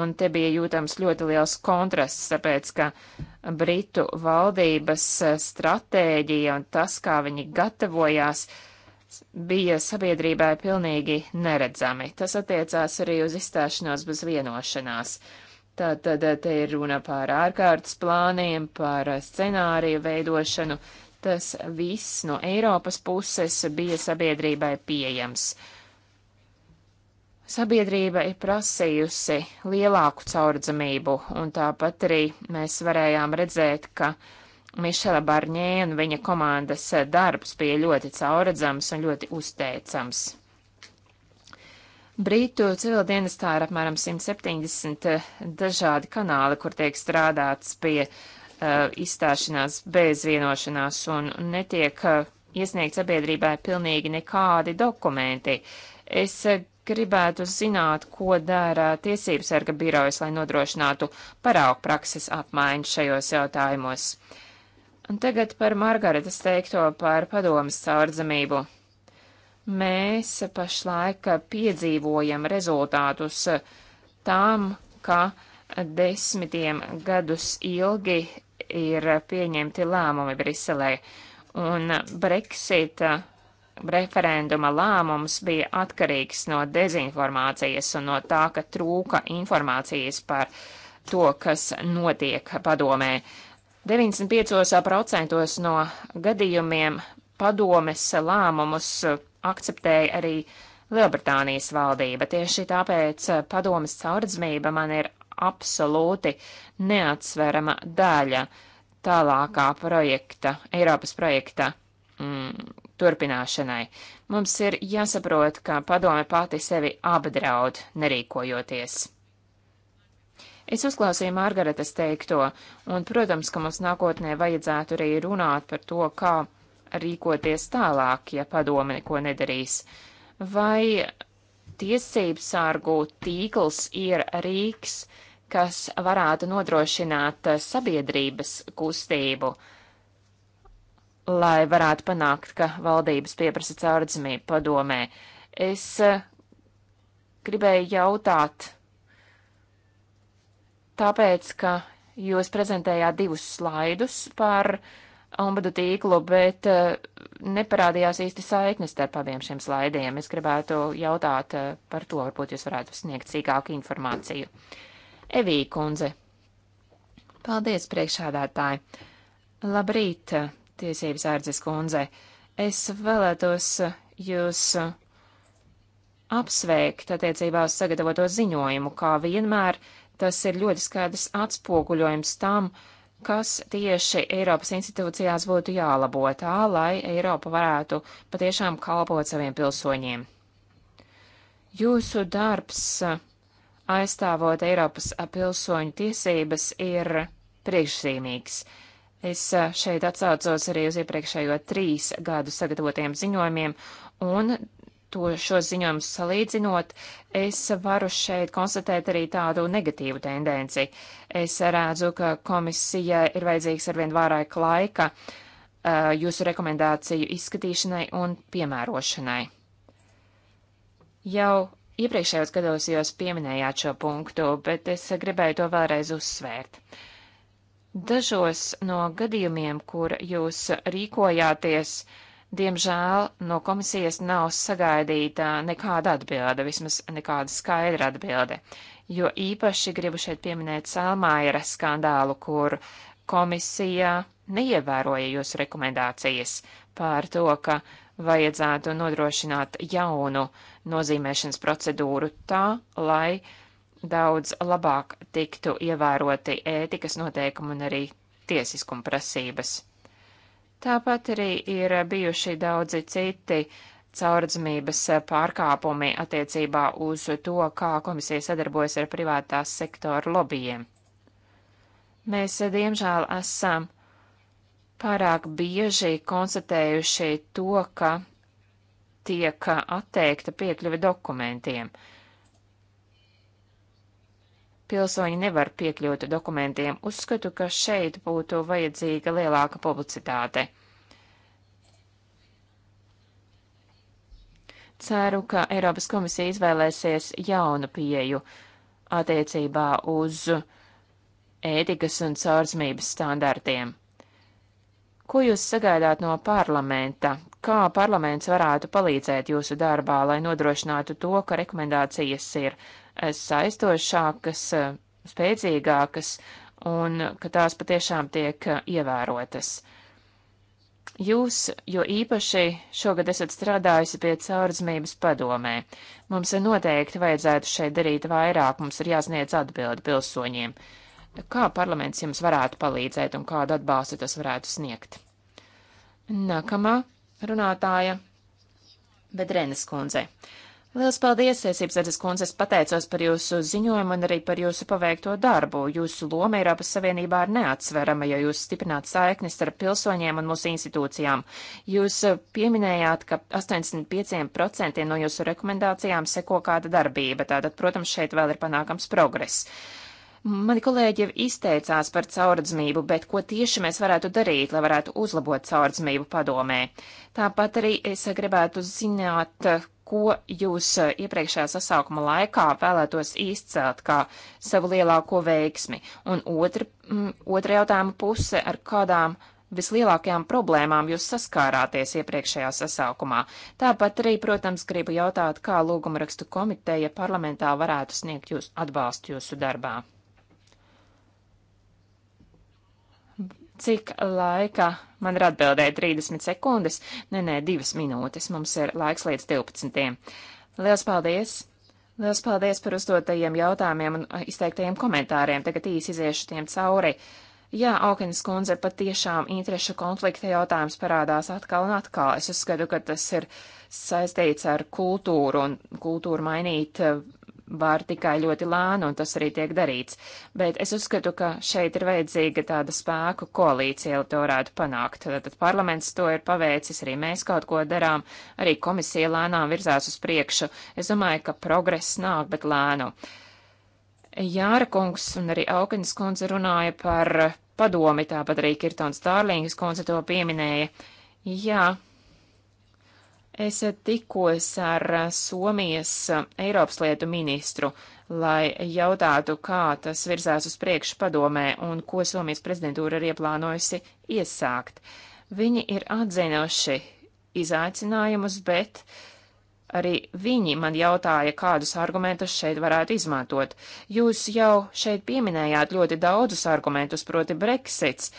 Un te bija jūtams ļoti liels kontrasts, tāpēc, ka Britu valdības stratēģija un tas, kā viņi gatavojās, bija sabiedrībai pilnīgi neredzami. Tas attiecās arī uz izstāšanos bez vienošanās. Uh, Tātad eh, te ir runa par ārkārtas plāniem, par eh, scenāriju veidošanu. Tas viss no Eiropas puses bija sabiedrībai pieejams. Sabiedrība ir prasījusi lielāku caurdzamību, un tāpat arī mēs varējām redzēt, ka Mišela Barņē un viņa komandas darbs bija ļoti caurdzams un ļoti uzteicams. Brītu civildienestā ir apmēram 170 dažādi kanāli, kur tiek strādāts pie uh, izstāšanās bez vienošanās un netiek uh, iesniegt sabiedrībai pilnīgi nekādi dokumenti. Es uh, gribētu zināt, ko dara tiesību sarga birojas, lai nodrošinātu paraugu prakses apmaiņu šajos jautājumos. Un tagad par Margaretas teikto par padomas caurdzamību. Mēs pašlaik piedzīvojam rezultātus tam, ka desmitiem gadus ilgi ir pieņemti lēmumi Briselē, un Brexit referenduma lēmums bija atkarīgs no dezinformācijas un no tā, ka trūka informācijas par to, kas notiek padomē. 95% no gadījumiem padomes lēmumus akceptēja arī Lielbritānijas valdība. Tieši tāpēc eh, padomas caurdzmība man ir absolūti neatsverama daļa tālākā projekta, Eiropas projekta mm, turpināšanai. Mums ir jāsaprot, ka padome pati sevi apdraud, nerīkojoties. Es uzklausīju Margaretas teikto, un, protams, ka mums nākotnē vajadzētu arī runāt par to, kā rīkoties tālāk, ja padome neko nedarīs? Vai tiesības sārgu tīkls ir rīks, kas varētu nodrošināt sabiedrības kustību, lai varētu panākt, ka valdības pieprasa caurdzamību padomē? Es eh, gribēju jautāt, tāpēc, ka jūs prezentējāt divus slaidus par uh, ombudu tīklu, bet eh, neparādījās īsti saiknes starp abiem šiem slaidiem. Es gribētu jautāt eh, par to, varbūt jūs varētu sniegt sīkāku informāciju. Evī kundze. Paldies, priekšādātāji. Labrīt, tiesības ārdzes kundze. Es vēlētos jūs apsveikt attiecībā uz sagatavoto ziņojumu, kā vienmēr tas ir ļoti skaidrs atspoguļojums tam, uh, kas tieši Eiropas institūcijās būtu jālabo tā, lai Eiropa varētu patiešām kalpot saviem pilsoņiem. Jūsu darbs aizstāvot Eiropas pilsoņu tiesības ir priekšzīmīgs. Es šeit atsaucos arī uz iepriekšējo trīs gadu sagatavotiem ziņojumiem, un to šo ziņojumu salīdzinot, es varu šeit konstatēt arī tādu negatīvu tendenci. Es redzu, ka komisija ir vajadzīgs arvien vairāk laika uh, jūsu rekomendāciju izskatīšanai un piemērošanai. Jau iepriekšējos gados jūs pieminējāt šo punktu, bet es gribēju to vēlreiz uzsvērt. Dažos no gadījumiem, kur jūs rīkojāties, uh, Diemžēl no komisijas nav sagaidīta nekāda atbilde, vismaz nekāda skaidra atbilde, jo īpaši gribu šeit pieminēt Salmāra skandālu, kur komisija neievēroja jūsu rekomendācijas par to, ka vajadzētu nodrošināt jaunu nozīmēšanas procedūru tā, lai daudz labāk tiktu ievēroti ētikas noteikumi un arī tiesiskuma prasības. Tāpat arī ir bijuši daudzi citi caurdzamības pārkāpumi attiecībā uz to, kā komisija sadarbojas ar privātās sektora lobbyiem. Mēs, diemžēl, esam pārāk bieži konstatējuši to, ka tiek atteikta piekļuve dokumentiem. Uh, pilsoņi nevar piekļūt dokumentiem. Uzskatu, ka šeit būtu vajadzīga lielāka publicitāte. Ceru, ka Eiropas komisija izvēlēsies jaunu pieju attiecībā uz ētikas un caursmības standartiem. Ko jūs sagaidāt no parlamenta? Kā parlaments varētu palīdzēt jūsu darbā, lai nodrošinātu to, ka rekomendācijas ir saistošākas, spēcīgākas un ka tās patiešām tiek eh, ievērotas. Jūs, jo īpaši šogad esat strādājusi pie caurzmības padomē, mums noteikti vajadzētu šeit darīt vairāk, mums ir jāsniedz atbildi pilsoņiem. Kā parlaments jums varētu palīdzēt un kādu atbalstu tas varētu sniegt? Nākamā runātāja Bedrenes kundze. Lielas paldies, Esības Edzes kundze, es pateicos par jūsu ziņojumu un arī par jūsu paveikto darbu. Jūsu loma Eiropas Savienībā ir neatsverama, ja jūs stiprināt saiknis ar pilsoņiem un mūsu institūcijām. Jūs eh, pieminējāt, ka 85% no jūsu rekomendācijām seko kāda darbība, tātad, protams, šeit vēl ir panākams progress. Mani kolēģi jau izteicās par caurdzmību, bet ko tieši mēs varētu darīt, lai varētu uzlabot caurdzmību padomē? Tāpat arī es gribētu zināt, ko jūs eh, iepriekšējā sasaukuma laikā vēlētos izcelt kā savu lielāko veiksmi, un otra, mm, otra jautājuma puse, ar kādām vislielākajām problēmām jūs saskārāties iepriekšējā sasaukumā. Tāpat arī, protams, gribu jautāt, kā lūgumrakstu komiteja parlamentā varētu sniegt jūs atbalstu jūsu darbā. Cik laika man ir atbildēt? 30 sekundes? Nē, nē, 2 minūtes. Mums ir laiks līdz 12. Lielas paldies! Lielas paldies par uzdotajiem jautājumiem un uh, izteiktajiem komentāriem. Tagad īsi iziešu tiem cauri. Jā, Aukenis kundze, patiešām interešu konflikta jautājums parādās atkal un atkal. Es uzskatu, ka tas ir saistīts ar kultūru un kultūru mainīt uh, var tikai ļoti lēni, un tas arī tiek darīts. Bet es uzskatu, ka šeit ir vajadzīga tāda spēku koalīcija, lai to varētu panākt. Tad parlaments to ir paveicis, arī mēs kaut ko darām, arī komisija lēnām virzās uz priekšu. Es domāju, ka progress nāk, bet lēnu. Jāra kungs un arī Aukenis kundze runāja par padomi, tāpat arī Kirtons Tārlīngas kundze to pieminēja. Jā, Es tikos ar Somijas Eiropas lietu ministru, lai jautātu, kā tas virzās uz priekšu padomē un ko Somijas prezidentūra ir ieplānojusi iesākt. Viņi ir atzinuši izaicinājumus, bet arī viņi man jautāja, kādus argumentus šeit varētu izmantot. Jūs jau šeit pieminējāt ļoti daudzus argumentus, proti Brexits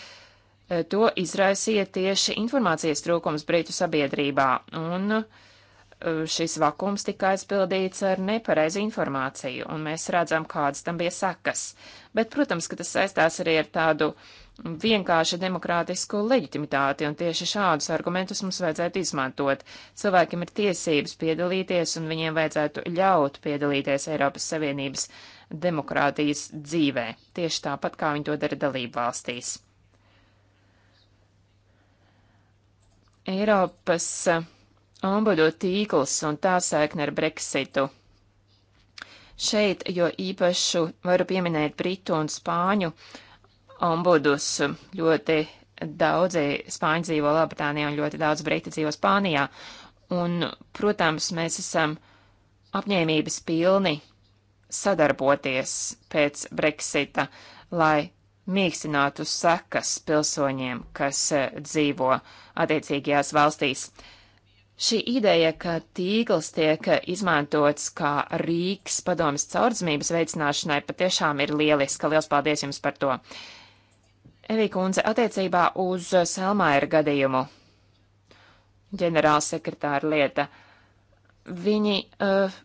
Eh, to izraisīja tieši informācijas trūkums Britu sabiedrībā, un eh, šis vakums tika aizpildīts ar nepareizu informāciju, un mēs redzam, kādas tam bija sekas. Bet, protams, ka tas saistās arī ar tādu vienkārši demokrātisku leģitimitāti, un tieši šādus argumentus mums vajadzētu izmantot. Cilvēkiem ir tiesības piedalīties, un viņiem vajadzētu ļaut piedalīties Eiropas Savienības demokrātijas dzīvē, tieši tāpat kā viņi to dara dalību valstīs. Eiropas eh, ombudu tīkls un tā saikne ar Brexitu. Šeit, jo īpašu varu pieminēt Britu un Spāņu ombudus, ļoti daudzi Spāņi dzīvo Lielbritānijā un ļoti daudz Briti dzīvo Spānijā. Un, protams, mēs esam apņēmības pilni sadarboties pēc Brexita, lai mīkstinātu sekas pilsoņiem, kas e, dzīvo attiecīgajās valstīs. Šī ideja, ka tīkls tiek izmantots kā rīks padomjas caurdzamības veicināšanai, patiešām ir lieliska. Liels paldies jums par to. Evī kundze, attiecībā uz Selmāra gadījumu, ģenerālsekretāra lieta, viņi uh,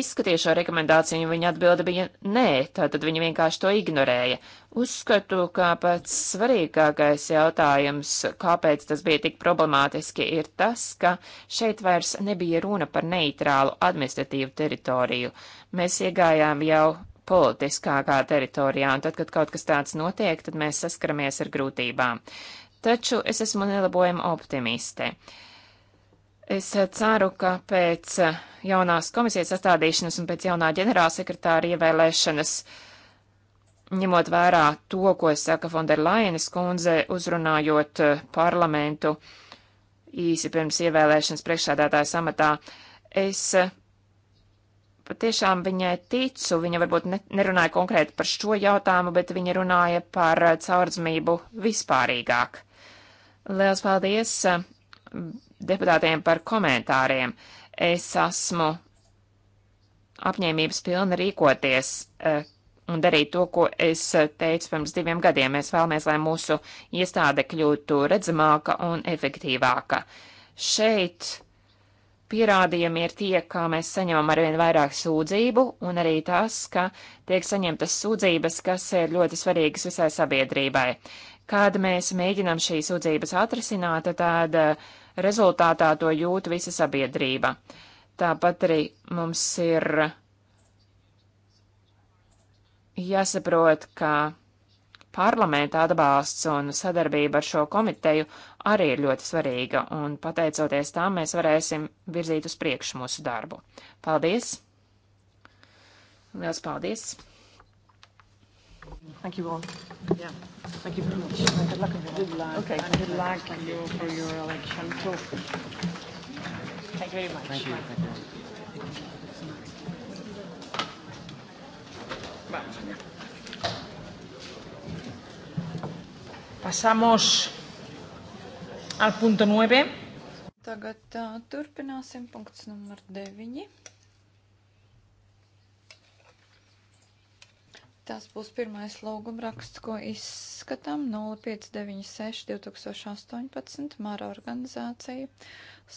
izskatīja šo rekomendāciju, un viņa atbilde bija nē, tātad viņa vienkārši to ignorēja. Uzskatu, ka pats svarīgākais jautājums, kāpēc tas bija tik problemātiski, ir tas, ka šeit vairs nebija runa par neitrālu administratīvu teritoriju. Mēs iegājām jau politiskākā teritorijā, un tad, kad kaut kas tāds notiek, tad mēs saskaramies ar grūtībām. Taču es esmu nelabojama optimiste. Uh, Es eh, ceru, ka pēc eh, jaunās komisijas sastādīšanas un pēc jaunā ģenerālsekretāra ievēlēšanas, ņemot vērā to, ko saka Fonderlainas kundze, uzrunājot eh, parlamentu īsi pirms ievēlēšanas priekšsādātājas amatā, es patiešām viņai ticu. Viņa varbūt ne, nerunāja konkrēti par šo jautājumu, bet viņa runāja par caurdzmību vispārīgāk. Liels paldies! deputātiem par komentāriem. Es esmu apņēmības pilna rīkoties eh, un darīt to, ko es eh, teicu pirms diviem gadiem. Mēs vēlamies, lai mūsu iestāde kļūtu redzamāka un efektīvāka. Šeit pierādījumi ir tie, kā mēs saņemam arvien vairāk sūdzību, un arī tas, ka tiek saņemtas sūdzības, kas ir ļoti svarīgas visai sabiedrībai. Kad mēs mēģinam šīs sūdzības atrisināt, tad eh, rezultātā to jūt visa sabiedrība. Tāpat arī mums ir jāsaprot, ka parlamenta atbalsts un sadarbība ar šo komiteju arī ir ļoti svarīga, un pateicoties tām mēs varēsim virzīt uz priekšu mūsu darbu. Paldies! Liels paldies! Thank you all. Yeah. Thank you very much. And good luck with your Good luck. Okay. And good luck thank you for your election too. Thank you very much. Thank you. Thank you. Pasamos al punto 9. Tagad uh, turpināsim punkts numur 9. Tas būs pirmais lūguma raksts, ko izskatām 0596 2018 Mara organizācija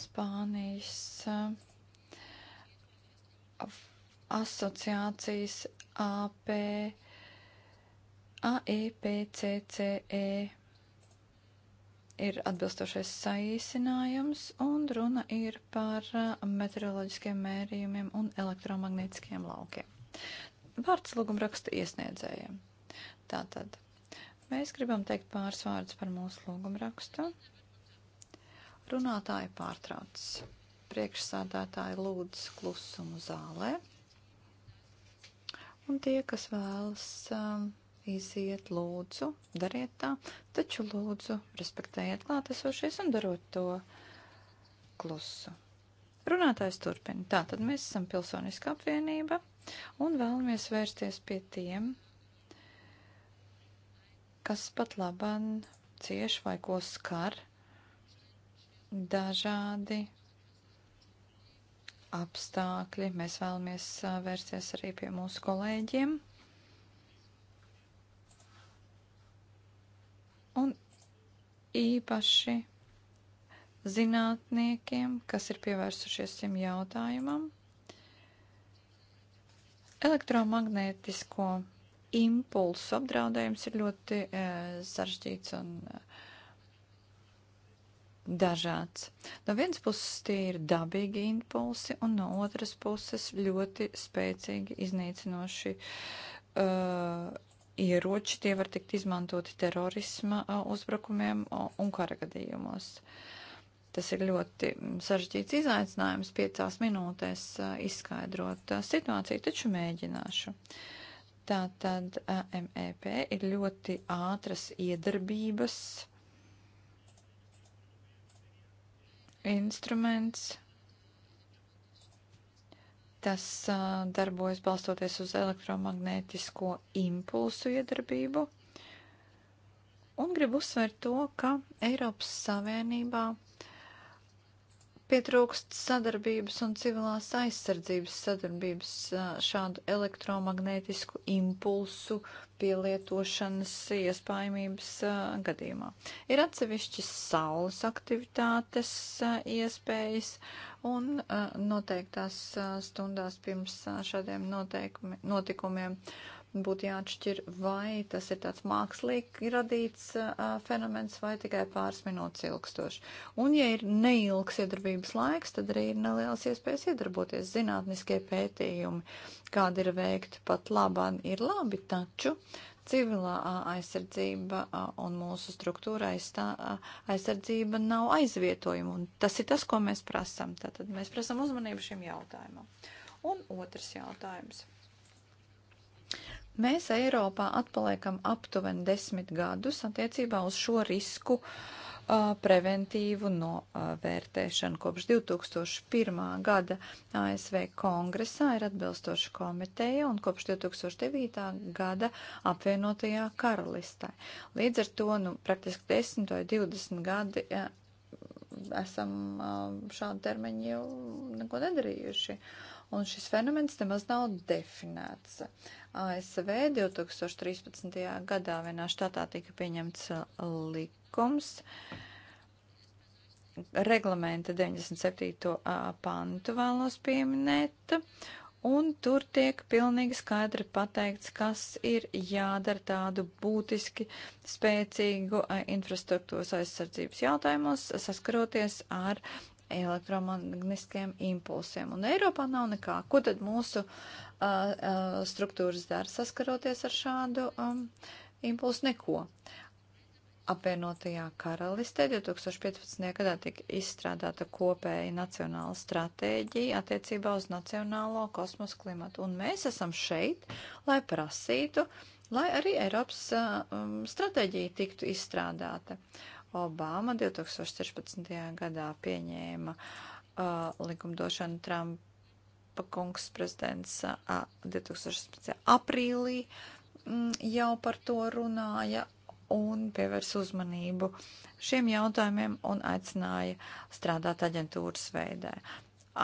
Spānijas eh, asociācijas AP AEPCCE e ir atbilstošais saīsinājums un runa ir par eh, meteoroloģiskiem mērījumiem un elektromagnētiskiem laukiem. Vārds lūgumraksta iesniedzējiem. Tātad mēs gribam teikt pāris vārdus par mūsu lūgumrakstu. Runātāji pārtrauc. Priekšsādātāji lūdz klusumu zālē. Un tie, kas vēlas um, iziet, lūdzu, dariet tā, taču lūdzu, respektējiet klātesošies un darot to klusu. Runātājs turpina. Tā tad mēs esam pilsoniska apvienība, Un vēlamies vērsties pie tiem, kas pat labam cieš vai ko skar dažādi apstākļi. Mēs vēlamies vērsties arī pie mūsu kolēģiem. Un īpaši zinātniekiem, kas ir pievērsušies šim jautājumam. Elektromagnētisko impulsu apdraudējums ir ļoti e, sarežģīts un e, dažāds. No vienas puses tie ir dabīgi impulsi, un no otras puses ļoti spēcīgi iznīcinoši uh, ieroči. Tie var tikt izmantoti terorisma uh, uzbrukumiem un karagadījumos. Uh, Tas ir ļoti sarežģīts izaicinājums piecās minūtēs izskaidrot situāciju, taču mēģināšu. Tātad MEP ir ļoti ātras iedarbības instruments. Tas darbojas balstoties uz elektromagnētisko impulsu iedarbību. Un gribu uzsvērt to, ka Eiropas Savienībā Pietrūkst sadarbības un civilās aizsardzības sadarbības šādu elektromagnētisku impulsu pielietošanas iespējamības gadījumā. Ir atsevišķas saules aktivitātes iespējas un noteiktās stundās pirms šādiem notikumiem būtu jāatšķir, vai tas ir tāds mākslīgi radīts uh, fenomens vai tikai pāris minūtes ilgstoši. Un, ja ir neilgs iedarbības laiks, tad arī ir nelielas iespējas iedarboties. Zinātniskie pētījumi, kādi ir veikti pat labāk, ir labi, taču civilā uh, aizsardzība uh, un mūsu struktūra aizstā, uh, aizsardzība nav aizvietojuma. Un tas ir tas, ko mēs prasam. Tātad mēs prasam uzmanību šim jautājumam. Un otrs jautājums. Mēs Eiropā atpaliekam aptuveni desmit gadus attiecībā uz šo risku uh, preventīvu novērtēšanu. Kopš 2001. gada ASV kongresā ir atbilstoša komiteja un kopš 2009. gada apvienotajā karalistē. Līdz ar to, nu, praktiski 10 vai 20 gadi ja, esam šādu termiņu jau neko nedarījuši. Uh, un šis fenomens nemaz nav definēts. ASV 2013. gadā vienā štatā tika pieņemts likums reglamenta 97. pantu vēlos pieminēt, un tur tiek pilnīgi skaidri pateikts, kas ir jādara tādu būtiski spēcīgu infrastruktūras aizsardzības jautājumos, saskaroties ar elektromagniskiem impulsiem. Un Eiropā nav nekā. Ko tad mūsu uh, uh, struktūras dara saskaroties ar šādu um, impulsu? Neko. Apvienotajā karalistē 2015. gadā tika izstrādāta kopēja nacionāla stratēģija attiecībā uz nacionālo kosmosa klimatu. Un mēs esam šeit, lai prasītu, lai arī Eiropas um, stratēģija tiktu izstrādāta. Uh, Obama 2016. gadā pieņēma uh, likumdošanu Trumpa kungs prezidents uh, 2016. aprīlī mm, jau par to runāja un pievērs uzmanību šiem jautājumiem un aicināja strādāt aģentūras veidē,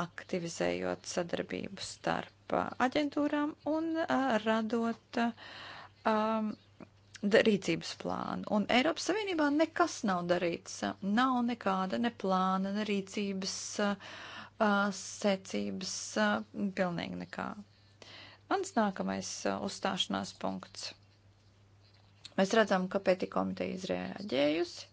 aktivizējot sadarbību starp uh, aģentūrām un uh, radot uh, um, uh, rīcības plānu. Un Eiropas Savienībā nekas nav darīts. Nav nekāda ne plāna, ne rīcības uh, secības, uh, pilnīgi nekā. Mans nākamais uh, uzstāšanās punkts. Mēs redzam, ka pētī komiteja izrēģējusi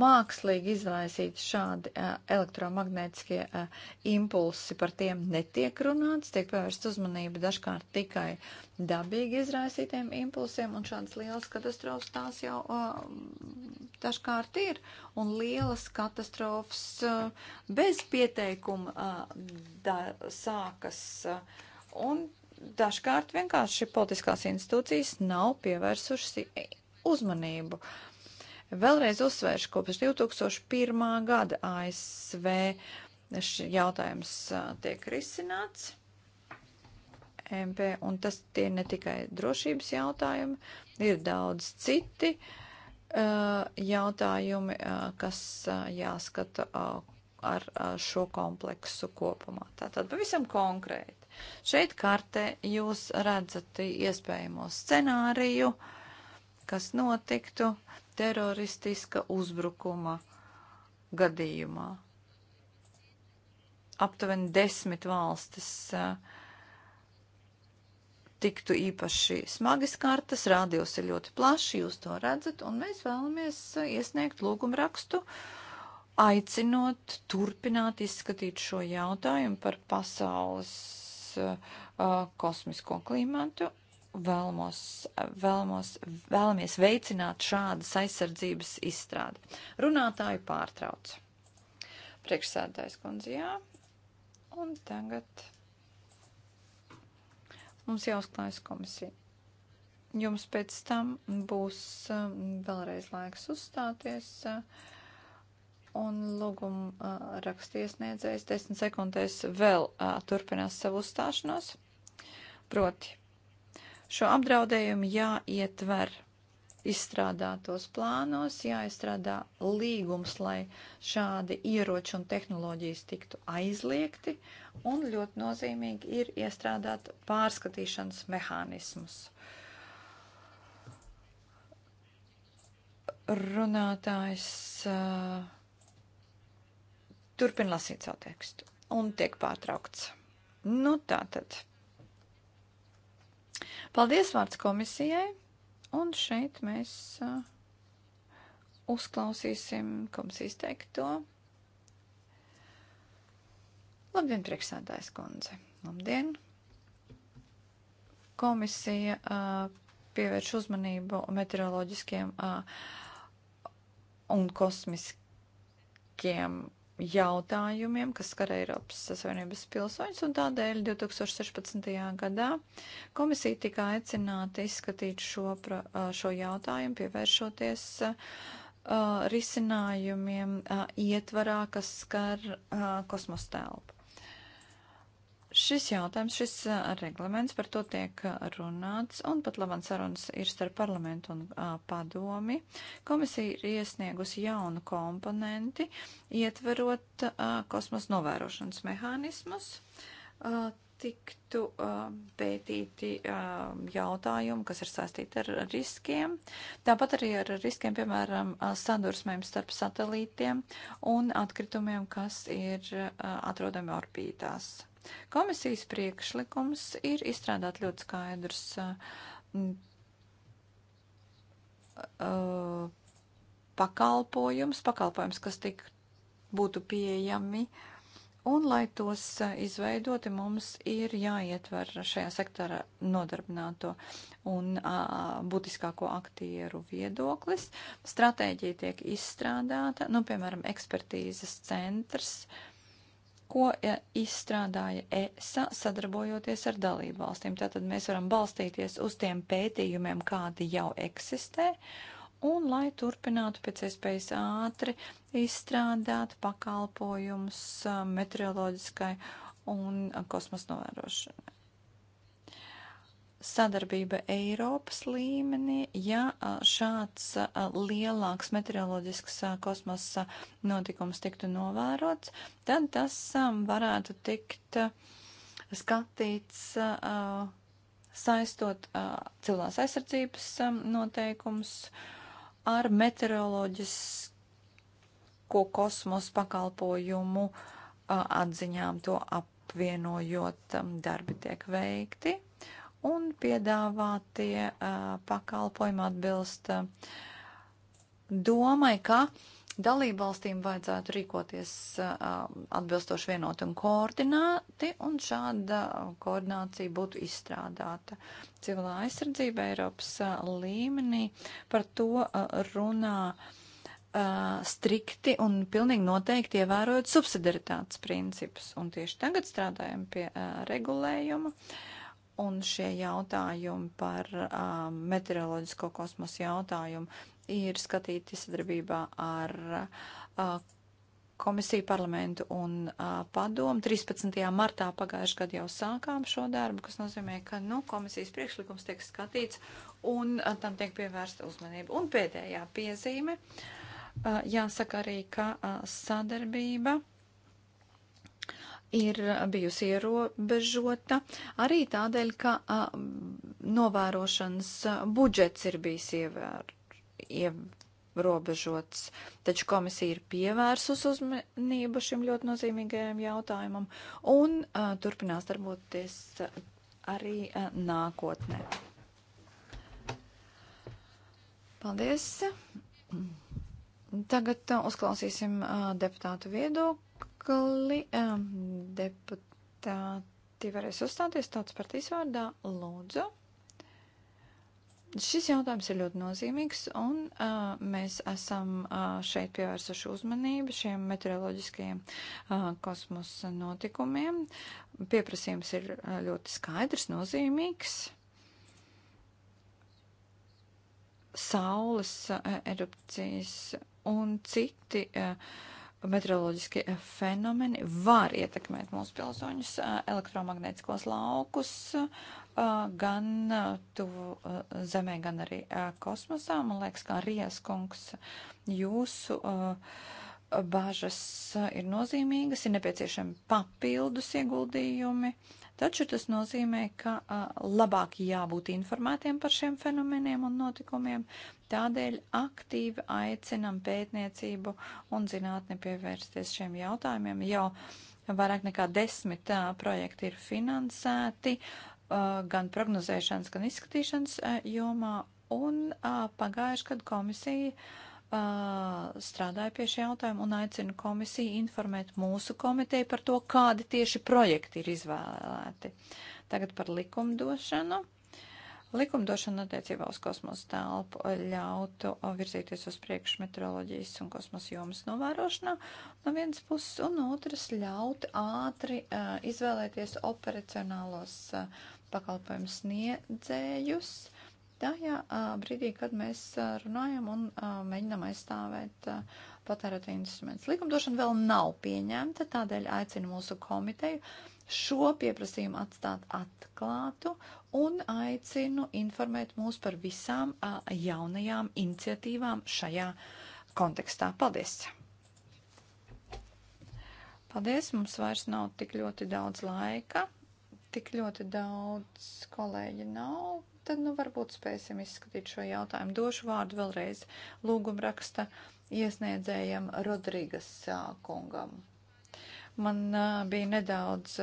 mākslīgi izraisīti šādi uh, elektromagnetiskie uh, impulsi, par tiem netiek runāts, tiek pievērst uzmanība dažkārt tikai dabīgi izraisītiem impulsiem, un šādas lielas katastrofas tās jau uh, dažkārt ir, un lielas katastrofas uh, bez pieteikuma uh, da, sākas. Uh, un dažkārt vienkārši politiskās institūcijas nav pievērsušas uzmanību. Uh, Vēlreiz uzsvēršu, kopš 2001. gada ASV šis jautājums tiek risināts. MP, un tas tie ne tikai drošības jautājumi, ir daudz citi uh, jautājumi, uh, kas uh, jāskata ar šo kompleksu kopumā. Tātad pavisam konkrēti. Šeit kartē jūs redzat iespējamo scenāriju, kas notiktu. Uh, teroristiska uzbrukuma gadījumā. Aptuveni desmit valstis eh, tiktu īpaši smagi skartas, rādījos ir ļoti plaši, jūs to redzat, un mēs vēlamies eh, iesniegt lūgumu rakstu, aicinot turpināt izskatīt šo jautājumu par pasaules uh, kosmisko klimatu vēlamos, vēlamos, vēlamies veicināt šādas aizsardzības izstrādi. Runātāju pārtrauc. Priekšsēdājs kundze, jā. Un tagad mums jāuzklājas komisija. Jums pēc tam būs um, vēlreiz laiks uzstāties. Uh, un lūguma uh, rakstiesniedzējs desmit sekundēs vēl uh, turpinās savu uzstāšanos. Proti, Šo apdraudējumu jāietver izstrādātos plānos, jāizstrādā līgums, lai šādi ieroči un tehnoloģijas tiktu aizliegti, un ļoti nozīmīgi ir iestrādāt pārskatīšanas mehānismus. Runātājs uh, turpina lasīt savu tekstu un tiek pārtraukts. Nu, tā tad Paldies vārds komisijai. Un šeit mēs uh, uzklausīsim komisijas teikto. Labdien, priekšsēdājs kundze. Labdien. Komisija uh, pievērš uzmanību meteoroloģiskiem uh, un kosmiskiem jautājumiem, kas skar Eiropas Savienības pilsoņus, un tādēļ 2016. gadā komisija tika aicināta izskatīt šo, šo jautājumu, pievēršoties uh, risinājumiem uh, ietvarā, kas skar uh, kosmostēlpu. Šis jautājums, šis reglaments par to tiek runāts, un pat labam sarunas ir starp parlamentu un a, padomi. Komisija ir iesniegusi jaunu komponenti, ietverot a, kosmos novērošanas mehānismus. A, tiktu a, pētīti a, jautājumi, kas ir saistīti ar riskiem. Tāpat arī ar riskiem, piemēram, sadursmēm starp satelītiem un atkritumiem, kas ir a, atrodami orbītās Komisijas priekšlikums ir izstrādāt ļoti skaidrs uh, pakalpojums, pakalpojums, kas tik būtu pieejami, un lai tos eh, izveidoti, mums ir jāietver šajā sektora nodarbināto un uh, būtiskāko aktieru viedoklis. Stratēģija tiek izstrādāta, nu, piemēram, ekspertīzes centrs. Uh, ko e, izstrādāja ESA sadarbojoties ar dalību valstīm. Tātad mēs varam balstīties uz tiem pētījumiem, kādi jau eksistē, un lai turpinātu pēc iespējas ātri izstrādāt pakalpojumus e, meteoroloģiskai un e, kosmosa novērošanai sadarbība Eiropas līmenī, ja šāds lielāks meteoroloģisks kosmosa notikums tiktu novērots, tad tas varētu tikt skatīts saistot cilvēks aizsardzības noteikums ar meteoroloģisko kosmosa pakalpojumu atziņām to apvienojot darbi tiek veikti un piedāvātie uh, pakalpojumi atbilst uh, domai, ka dalību valstīm vajadzētu rīkoties uh, atbilstoši vienot un koordināti, un šāda koordinācija būtu izstrādāta. Civilā aizsardzība Eiropas uh, līmenī par to uh, runā strikti un pilnīgi noteikti ievērojot subsidiaritātes principus. Un tieši tagad strādājam pie regulējuma. Uh, un šie jautājumi par um, meteoroloģisko kosmosu jautājumu ir skatīti sadarbībā ar uh, komisiju, parlamentu un uh, padomu. 13. martā pagājušajā gadā jau sākām šo darbu, kas nozīmē, ka nu, komisijas priekšlikums tiek skatīts un uh, tam tiek pievērsta uzmanība. Un pēdējā piezīme. Uh, jāsaka arī, ka uh, sadarbība ir bijusi ierobežota arī tādēļ, ka a, novērošanas budžets ir bijis ievēr, ierobežots. Taču komisija ir pievērsus uzmanību šim ļoti nozīmīgajam jautājumam un a, turpinās darboties arī a, nākotnē. Paldies! Tagad uzklausīsim deputātu viedokli viedokli. Um, deputāti varēs uzstāties tautas partijas vārdā. Lūdzu. Šis jautājums ir ļoti nozīmīgs, un uh, mēs esam uh, šeit pievērsuši uzmanību šiem meteoroloģiskajiem uh, kosmosa notikumiem. Pieprasījums ir uh, ļoti skaidrs, nozīmīgs. Saules uh, erupcijas un citi. Uh, meteoroloģiskie fenomeni var ietekmēt mūsu pilsoņus, elektromagnētiskos laukus, gan tuvu zemē, gan arī kosmosā. Man liekas, kā Rijas kungs, jūsu bažas ir nozīmīgas, ir nepieciešami papildus ieguldījumi. Taču tas nozīmē, ka a, labāk jābūt informētiem par šiem fenomeniem un notikumiem, Tādēļ aktīvi aicinam pētniecību un zinātni pievērsties šiem jautājumiem. Jau vairāk nekā desmit tā, projekti ir finansēti gan prognozēšanas, gan izskatīšanas jomā, un pagājuši, kad komisija strādāju pie šī jautājuma un aicinu komisiju informēt mūsu komiteju par to, kādi tieši projekti ir izvēlēti. Tagad par likumdošanu. Likumdošana attiecībā uz kosmosa telpu ļautu virzīties uz priekšu meteoroloģijas un kosmosa jomas novērošanā no vienas puses, un no otras ļautu ātri uh, izvēlēties operacionālos uh, pakalpojumu sniedzējus tajā uh, brīdī, kad mēs uh, runājam un uh, mēģinam aizstāvēt uh, patērētāju instrumentus. Likumdošana vēl nav pieņemta, tādēļ aicinu mūsu komiteju uh, šo pieprasījumu atstāt atklātu un aicinu informēt mūs par visām a, jaunajām iniciatīvām šajā kontekstā. Paldies! Paldies! Mums vairs nav tik ļoti daudz laika, tik ļoti daudz kolēģi nav. Tad nu, varbūt spēsim izskatīt šo jautājumu. Došu vārdu vēlreiz lūgumraksta iesniedzējam Rodrīgas kungam. Man bija nedaudz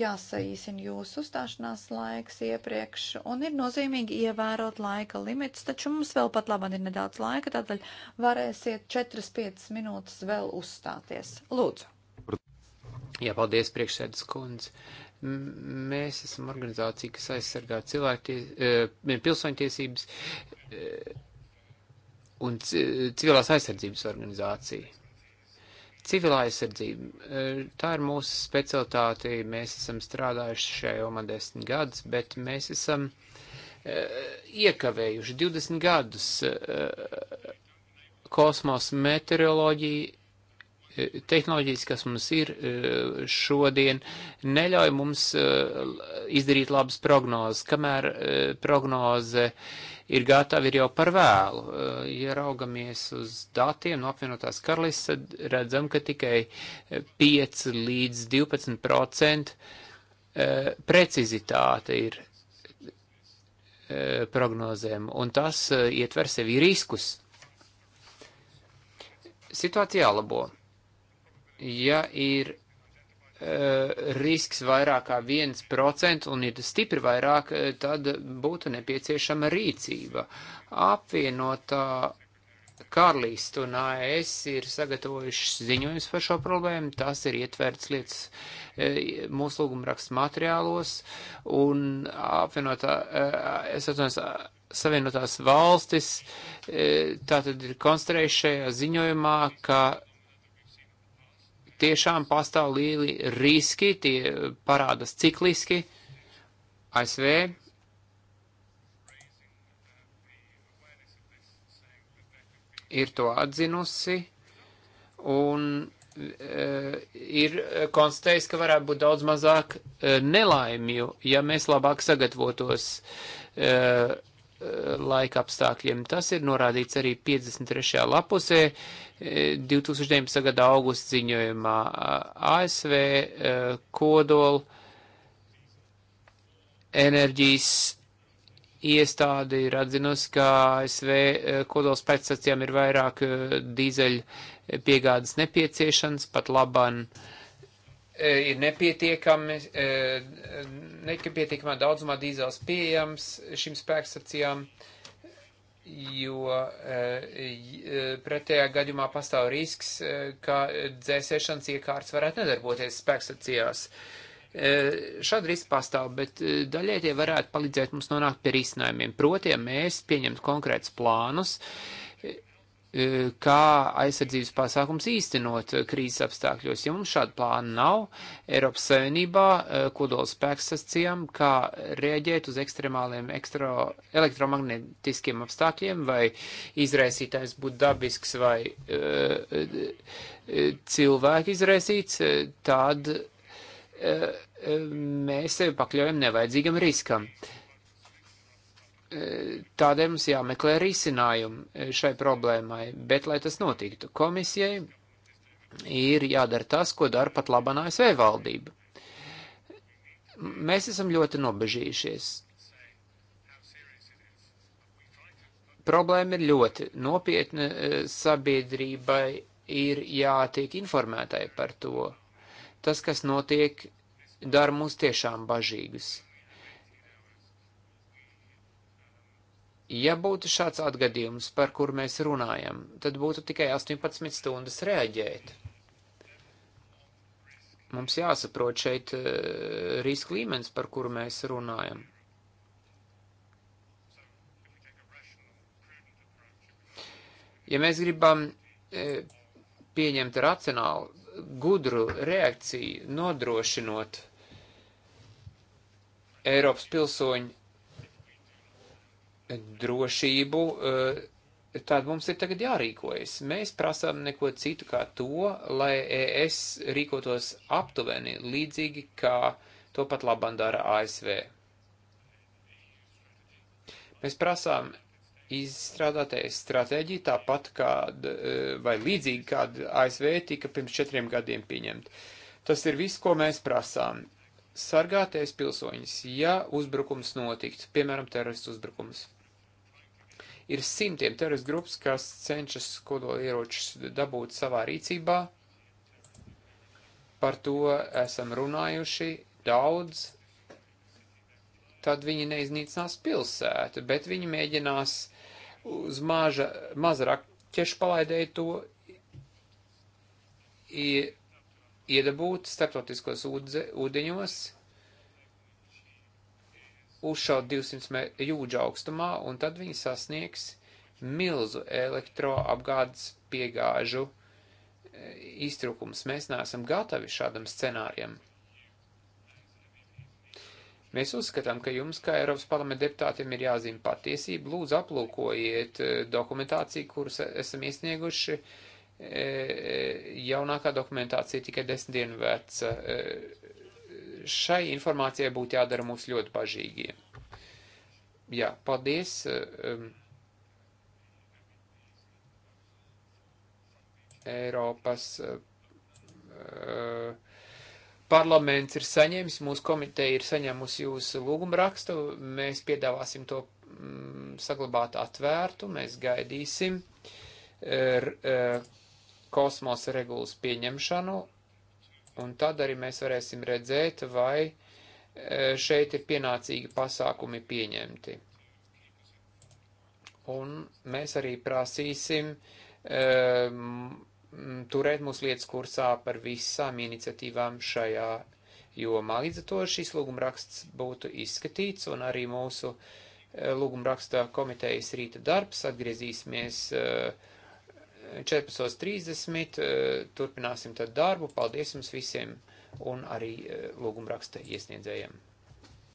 jāsaīsina jūsu uzstāšanās laiks iepriekš, un ir nozīmīgi ievērot laika limits, taču mums vēl pat labam ir nedaudz laika, tādēļ varēsiet 4-5 minūtes vēl uzstāties. Lūdzu! Jā, paldies, priekšsēdas kundze. M mēs esam organizācija, kas aizsargā cilvēktiesības, pilsoņtiesības un civilās aizsardzības organizācija Civilā aizsardzība. E, tā ir mūsu specialitāte. Mēs esam strādājuši šajā jomā desmit gadus, bet mēs esam e, iekavējuši 20 gadus e, kosmosa meteoroloģiju. Tehnoloģijas, kas mums ir šodien, neļauj mums izdarīt labas prognozes, kamēr prognoze uh, ir gatavi, ir jau par vēlu. Ja eh, raugamies uz datiem no apvienotās karalists, tad redzam, ka tikai 5 līdz 12 procenti eh, precizitāte ir eh, prognozēm, un tas ietver sevi riskus. Situācija jālabo. Ja ir Eh, risks vairāk kā 1% un ir stipri vairāk, eh, tad būtu nepieciešama rīcība. Apvienotā Karlīst un AES ir sagatavojuši ziņojums par šo problēmu, tas ir ietverts lietas eh, mūsu lūgumrakstu materiālos, un apvienotā, es atceros, Savienotās valstis tātad ir konstatējuši šajā ziņojumā, ka tiešām pastāv lieli riski, tie parādas cikliski. ASV ir to atzinusi un e, ir konstatējis, ka varētu būt daudz mazāk e, nelaimju, ja mēs labāk sagatavotos e, Eh, laika apstākļiem. Tas ir norādīts arī 53. lapusē 2019. Eh, gada augusta ziņojumā ASV eh, kodola enerģijas iestāde ir atzinusi, ka ASV kodola spēkstacijām ir vairāk dīzeļu piegādes nepieciešams, pat laban uh, E, ir nepietiekami, e, nepietiekamā daudzumā dīzels pieejams šīm spēkstacijām, jo e, pretējā gadījumā pastāv risks, ka dzēsēšanas iekārts varētu nedarboties spēkstacijās. Šādi riski pastāv, bet daļai tie varētu palīdzēt mums nonākt pie risinājumiem. Proti, ja mēs pieņemtu konkrētus plānus, uh, E, kā aizsardzības pasākums īstenot krīzes apstākļos. Ja mums šāda plāna nav, Eiropas Savienībā e, kodols spēks sacījām, kā rēģēt uz ekstremāliem ekstro, elektromagnetiskiem apstākļiem, vai izraisītājs būtu dabisks vai e, cilvēku izraisīts, tad mēs sevi pakļaujam nevajadzīgam riskam. Uh, E, tādēļ mums jāmeklē risinājumi e, šai problēmai, bet, lai tas notiktu, komisijai ir jādara tas, ko dara pat labā ASV valdība. Mēs esam ļoti nobežījušies. Problēma ir ļoti nopietna. E, sabiedrībai ir jātiek informētai par to. Tas, kas notiek, dara mūs tiešām bažīgus. Ja būtu šāds atgadījums, par kur mēs runājam, tad būtu tikai 18 stundas reaģēt. Mums jāsaprot šeit eh, riska līmenis, par kuru mēs runājam. Ja mēs gribam eh, pieņemt racionālu, gudru reakciju, nodrošinot Eiropas pilsoņu drošību, eh, tad mums ir tagad jārīkojas. Mēs prasām neko citu kā to, lai es rīkotos aptuveni līdzīgi, kā to pat labam dara ASV. Mēs prasām izstrādātēju stratēģiju tāpat kā, eh, vai līdzīgi kāda ASV tika pirms četriem gadiem pieņemta. Tas ir viss, ko mēs prasām. Sargāties pilsoņus, ja uzbrukums notiktu, piemēram, teroristu uzbrukums Ir simtiem teroristu grupas, kas cenšas kodoli ieročus dabūt savā rīcībā. Par to esam runājuši daudz. Tad viņi neiznīcinās pilsētu, bet viņi mēģinās uz maža, maza raķešu palaidēju to ie, iedabūt starptautiskos ūdeņos. Udze, uzšaut 200 jūdžu augstumā, un tad viņi sasniegs milzu elektroapgādes piegāžu e, iztrūkums. Mēs neesam gatavi šādam scenārijam. Mēs uzskatām, ka jums, kā Eiropas parlamenta deputātiem, ir jāzina patiesība. Lūdzu, aplūkojiet e, dokumentāciju, kuras e, esam iesnieguši. Jaunākā dokumentācija tikai desmit dienu veca šai informācijai būtu jādara mūs ļoti bažīgiem. Jā, paldies. Um, Eiropas uh, parlaments ir saņēmis, mūsu komiteja ir saņēmusi jūsu lūgumu rakstu, mēs piedāvāsim to mm, saglabāt atvērtu, mēs gaidīsim er, er, kosmosa regulas pieņemšanu Un tad arī mēs varēsim redzēt, vai e, šeit ir pienācīgi pasākumi pieņemti. Un mēs arī prasīsim um, turēt mūsu lietas kursā par visām iniciatīvām šajā jomā. Līdz ar to šis lūgumraksts būtu izskatīts un arī mūsu e, lūgumrakstā komitejas rīta darbs atgriezīsimies uh, 14.30 eh, turpināsim tad darbu. Paldies jums visiem un arī eh, lūgumraksta iesniedzējiem.